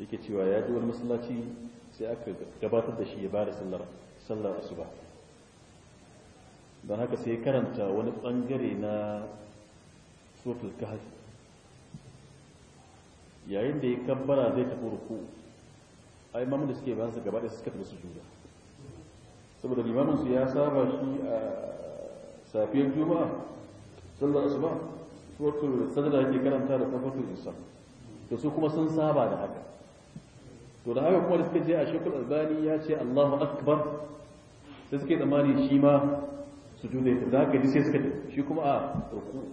yake cewa ya ji wani masallaci sai aka gabatar da shi ya bada sallar sallar asuba don haka sai karanta wani bangare na suratul kahal yayin da ya kabbara zai tafi ruku a mamun da suke bayansa gaba da suka tafi su juda saboda limamin su ya saba shi a safiyar juma'a sallar asuba suratul da ke karanta da tafatul insan da su kuma sun saba da haka to da haka kuma da suka je a shekul albani ya ce allahu akbar sai suke tsammani shi ma su jude ta zaka ji sai suka tafi shi kuma a ah, ruku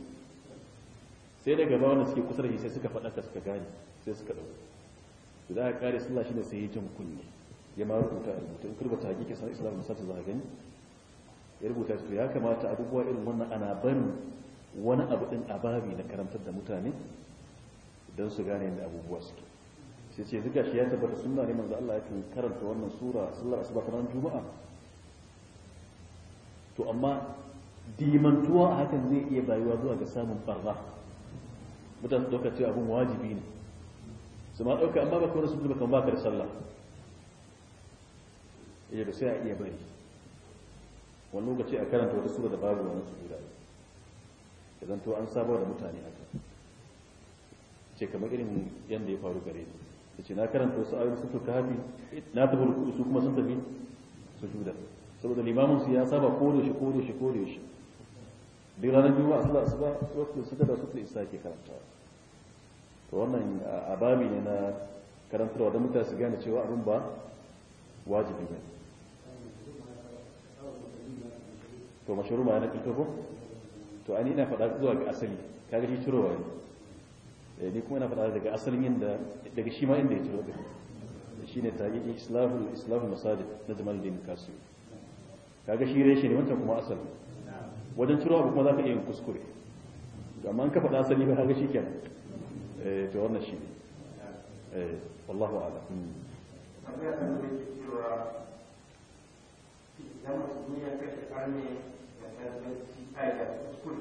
sai daga ba wanda suke kusa da shi sai suka faɗa ka suka gane sai suka ɗauko to da aka kare sallah ne sai ya jan kunne ya ma rubuta a rubuta in ta hakiki sanar islam musa ta zaka gani ya rubuta su ya kamata abubuwa irin wannan ana barin wani abu din ababi na karantar da mutane don su gane yadda abubuwa suke sai ce zuga shi ya tabbata suna ne manzo Allah ya yake karanta wannan sura sallar asuba kamar juma'a to amma dimantuwa a hakan zai iya bayuwa zuwa ga samun barna mutane ɗauka ce abin wajibi ne su ma ɗauka amma baka wani sunna kan bakar sallah da eh, sai a iya bari wani lokaci a karanta wata sura da babu wani su sura da zanto an saba da mutane haka ce kamar irin yadda ya faru gare ni ta ce na karanta wasu ayoyi sun ka hafi na tafi rukudu su kuma sun tafi su juda saboda limamin su ya saba kore shi kore shi kore shi duk ranar biyu a sallah asuba suratul sajda suratul isa ke karanta to wannan abami ne na karantarwa don mutane su gane cewa abin ba wajibi ne to mashiru ma na kirkafo to an ina faɗa zuwa ga asali kaga shi cirowa ne Eh, ni kuma na faɗa daga asalin yin da daga shi ma inda ya ciro da shi ne tarihi islahul islahul masajid na jamaluddin kasu kaga shi reshe ne wancan kuma asali wajen ciro abu kuma za ka iya yin kuskure amma an ka faɗa asali ba kaga shi kenan eh to wannan shi ne eh wallahu a'lam hmm. idan mutum ya kashe karne da kuskure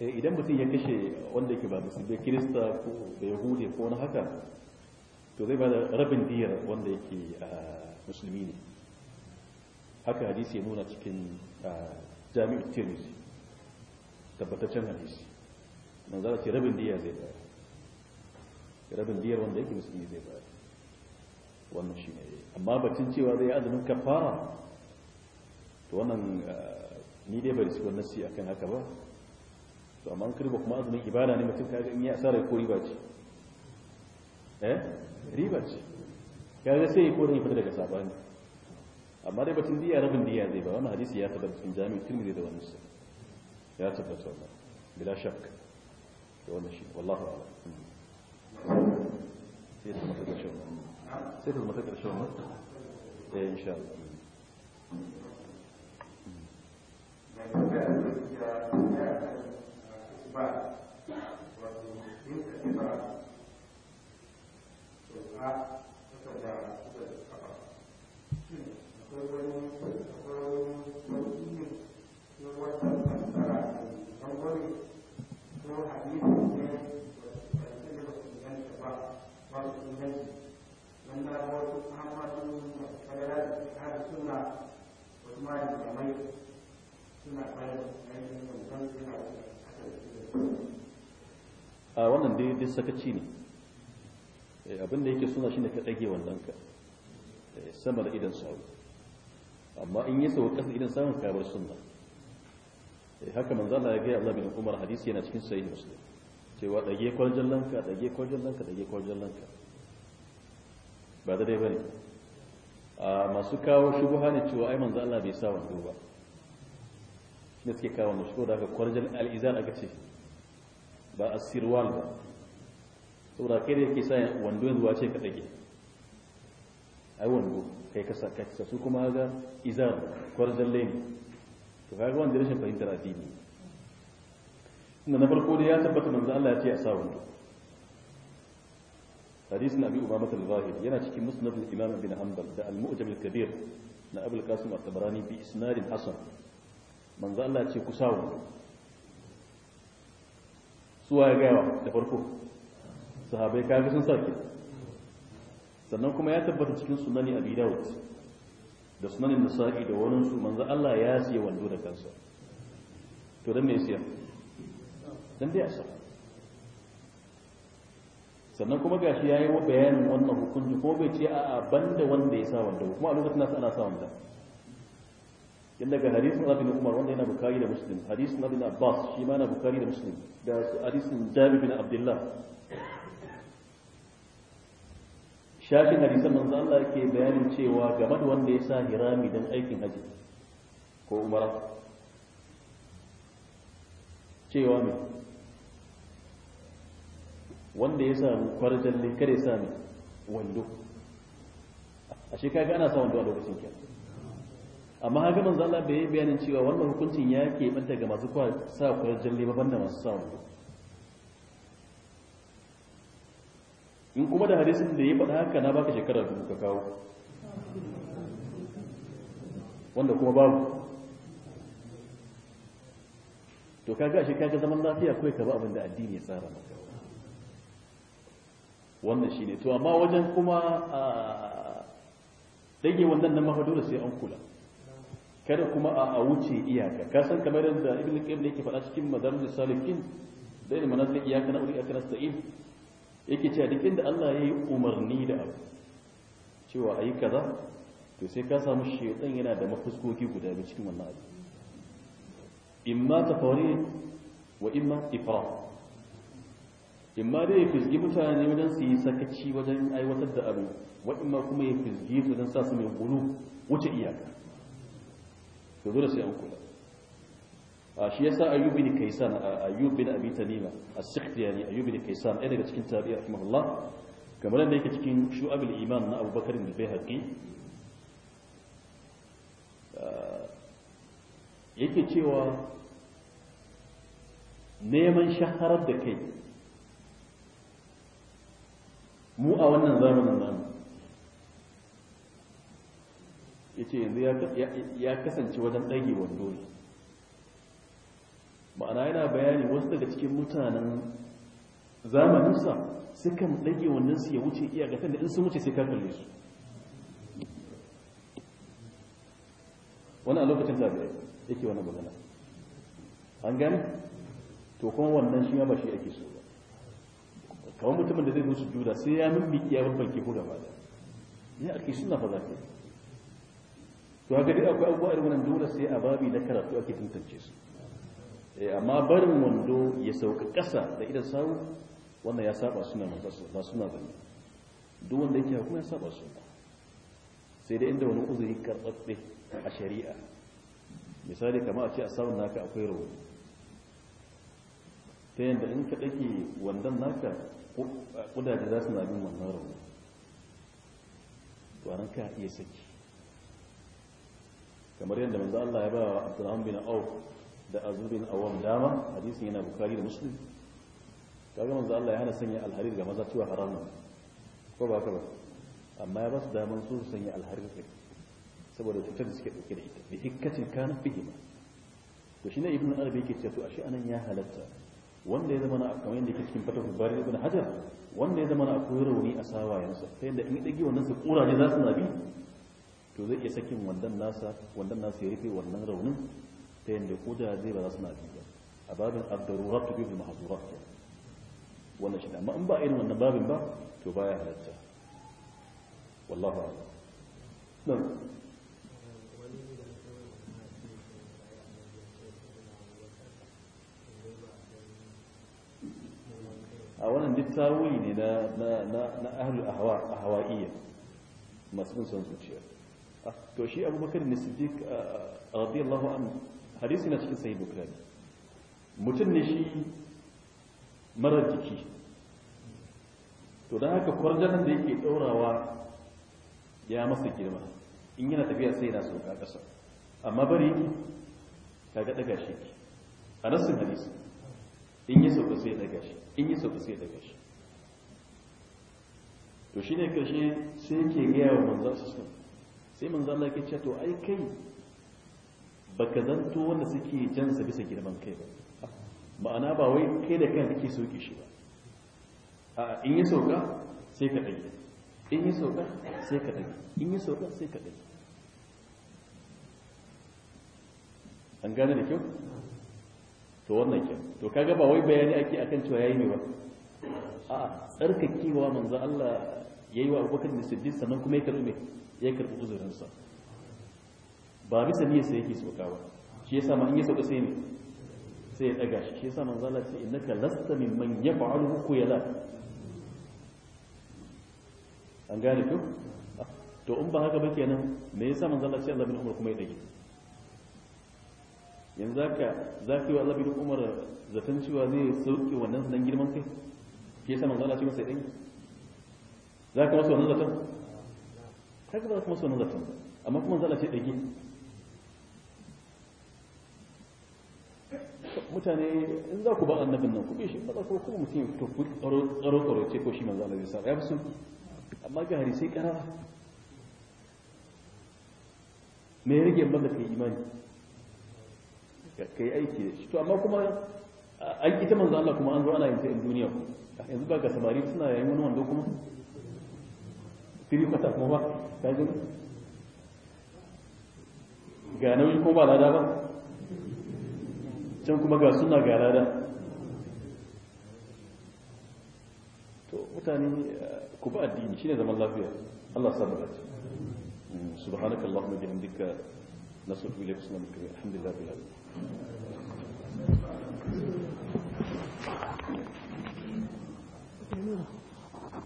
Eh, idan mutum ya kashe wanda ke ba musulmi kirista ko da yahudi ko na haka to zai ba da rabin diyar wanda yake ah, musulmi ne haka hadisi ya nuna cikin ah, jami'ar tirmidhi tabbataccen hadisi manzara ce rabin diyar zai bayar rabin diyar wanda yake musulmi zai bayar wannan shi ne amma batun cewa zai azumin kafara to wannan eh, ni dai bari su wannan si akan haka ba to amma kirba kuma azumin ibada ne mutum kaga in ya asara ko riba ce eh riba ce kaga sai ya kore ya fita daga sabani amma dai batun diya rabin diya zai ba wannan hadisi ya tabbata cikin jami'in tirmidhi da wannan ya tabbata wannan bila shakka to wannan shi wallahu a'lam hmm. sai su mutu da shi wannan سيد المذاكرة شو إيه إن شاء الله Thank you. a ah, wannan dai duk sakaci ne eh, abinda yake suna shi ne ka tsage wannan ka eh, sama da idan sauri amma in yi sauwa kasa idan samun kabar suna eh, haka manzo Allah ya gaya Allah bin Umar hadisi yana cikin sayi musulun cewa dage kwarjan lanka dage kwarjan lanka dage kwarjan lanka ba da dai bane masu kawo shubuha ne cewa ai manzo Allah bai sa wando ba shi ne suke kawo ko da aka kwarjal al-izal aka ce ba sirwal ba saboda kai da yake sa wando yanzu wace ka dage ai wando kai ka saka ka su kuma ga izan kwarjal ne to ga wanda rashin fahimtar addini na farko da ya tabbata manzo Allah ya ce a sa wando hadisin abi umama al-zahir yana cikin musnad al-imam bin hanbal da al-mu'jam kabir na abul qasim at-tabarani bi isnadin hasan manzo Allah ce ku sawo suwa ya gaya da farko sahabai kaga sun sake sannan kuma ya tabbata cikin sunani Abidawud dawud da sunanin nasa'i da wani su Allah ya siya wando da kansa to dan me siya dan dai sannan kuma gashi ya yi bayanin wannan hukunci ko bai ce a banda wanda ya sa wanda kuma a lokacin nasu ana sa wanda yadda ga hadisin abin umar wanda yana bukari da muslim hadisin abin abbas shi ma yana bukari da muslim da hadisin jami bin abdullah shafin hadisan manzo Allah ke bayanin cewa game da wanda ya sa hirami don aikin haji ko umara cewa mai wanda ya samu kwarjalle kada ya sami wando a shekaga ana sa wando a lokacin kyan amma haka manzo Allah bai bayanin cewa wannan hukuncin ya ke banta ga masu sa kwarjalle ba banda masu sa wando in kuma da hadisin da ya faɗa haka na baka shekarar da ka kawo wanda kuma babu to kaga shi kaga zaman lafiya kawai ka ba abin da addini ya tsara maka wannan shine to amma wajen kuma a dage wannan nan mafa dole sai an kula kada kuma a wuce iyaka ka san kamar yadda ibn qayyim yake faɗa cikin madarij salikin da ilmin manazil iyaka na iyaka nasta'in yake cewa duk inda Allah yayi umarni da abu cewa ayi kaza to sai ka samu shaytan yana da mafuskoki guda biyu cikin wannan abu imma tafawrid wa imma ifrat in ma dai ya fizgi mutane wajen su yi sakaci wajen aiwatar da abu ma kuma ya fizgi su don sa su mai gulu wuce iyaka to dole sai an kula a shi yasa ayyub bin kaisan ayyub bin abi talima as-sikhtiyani ayyub bin kaisan ɗaya daga cikin kuma Allah kamar yadda yake cikin shu'abul iman na abubakar bin bayhaqi yake cewa neman shaharar da kai mu a wannan zamanin namu ya ce yanzu ya kasance wajen ɗage wando ne ma'ana yana bayani wasu daga cikin mutanen zamaninsa sukan ɗage wandonsu ya wuce iya gasar da in sun wuce sai ka kalle su wani a lokacin tabi'ai yake wani magana an gani to kuma wannan shi ya ba shi ake so kamar mutumin da zai zo sujuda sai ya mimmiƙi ya bambanke ko gaba bada ya ake suna fa za to haka dai akwai abubuwa irin wannan dole sai a babi na karatu ake tantance su eh, amma barin wando ya sauka ƙasa da idan sawu wannan ya saba suna manzansa ba suna zanne duk wanda yake hukuma ya saba su sai dai inda wani uzuri karɓaɓɓe a shari'a misali kamar a ce a samun naka akwai rauni ta yadda in ka ɗake wandon naka ƙudaje za su na bin wannan rauni tuwaran ka iya saki kamar yadda manzo Allah ya ba wa Abdurrahman bin Auf da Azur bin Awam dama hadisin yana Bukhari da Muslim kaga manzo Allah ya hana sanya alharir ga maza cewa haramun ko ba ka ba amma ya ba su daman su sanya alharir kai saboda cutar da suke ɗauke da ita bi hikkacin kana fihima to shine ibnu arabi yake cewa to ashe anan ya halatta wanda ya zama na kamar yadda ke cikin fatahul bari ibn hajar wanda ya zama na akwai rauni a sawayensa ta yadda in dage wannan su kuraje za su nabi to zai iya sakin wannan nasa wandan nasa ya rufe wannan raunin ta yadda zai ba za su nabi ba a babin ad ta tu bil ta wannan shi amma in ba irin wannan babin ba to baya halatta wallahu a'lam a wannan duk tawuri ne na na na ahlul ahwa ahwaiyya masu bin son zuciya ah, to shi Abu Bakar ne Siddiq ah, ah, radiyallahu anhu hadisi na cikin sahih Bukhari mutum ne shi mara jiki to dan haka kwarjanan da yake daurawa ya masa girma in yana tafiya sai yana sauka kasa amma bari kaga daga shi ki a nasin hadisi in yi sauka sai daga shi in yi sauka sai daga shi to ne kashe sai ke gaya wa manzan su sun sai manzan Allah ke cewa to ai kai baka zanto wanda suke jansa bisa girman kai ba ma'ana ba wai kai da kanka kake soke shi ba a in yi sauka sai ka dage in yi sauka sai ka dage in yi sauka sai ka dage an gane da kyau to wannan kyan to kaga ba wai bayani ake akan cewa yayi ne ba a tsarkakewa manzo Allah yayi wa Abubakar da Siddiq sannan kuma ya karɓi me ya karɓi uzurin ba bisa niyyar sa yake soka ba shi yasa ma in ya sauka sai ne sai ya daga shi yasa manzo Allah sai innaka lasta mimman yaf'alu kuyala an gane ku to in ba haka ba kenan me yasa manzo Allah Allah bin Umar kuma ya dage yanzu haka za ka yi wa alabin Umar zaton cewa zai sauke wannan sanan girman kai ke sama manzo ce masa ɗanyi za ka masa wannan zaton Ka za ka masa wannan zaton amma kuma manzo ce ɗage mutane in za ku ba annabin nan ku shi ba ko kuma mutum ya fito tsaro tsaro ce ko shi manzo Allah zai sa ya fi sun amma ga hari sai karara me ya rage mallaka imani kai aiki da shi to amma kuma an ita manzo Allah kuma an zo ana yin ta duniya ku yanzu ba ga samari suna yayin wani wando kuma fili kwata kuma ba ka ji ga nan ko ba lada ba can kuma ga suna ga lada to mutane ku ba addini shine zaman lafiya Allah sa barka subhanakallahumma bihamdika نصرف إليك سلامك الحمد لله رب العالمين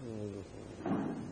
Thank you.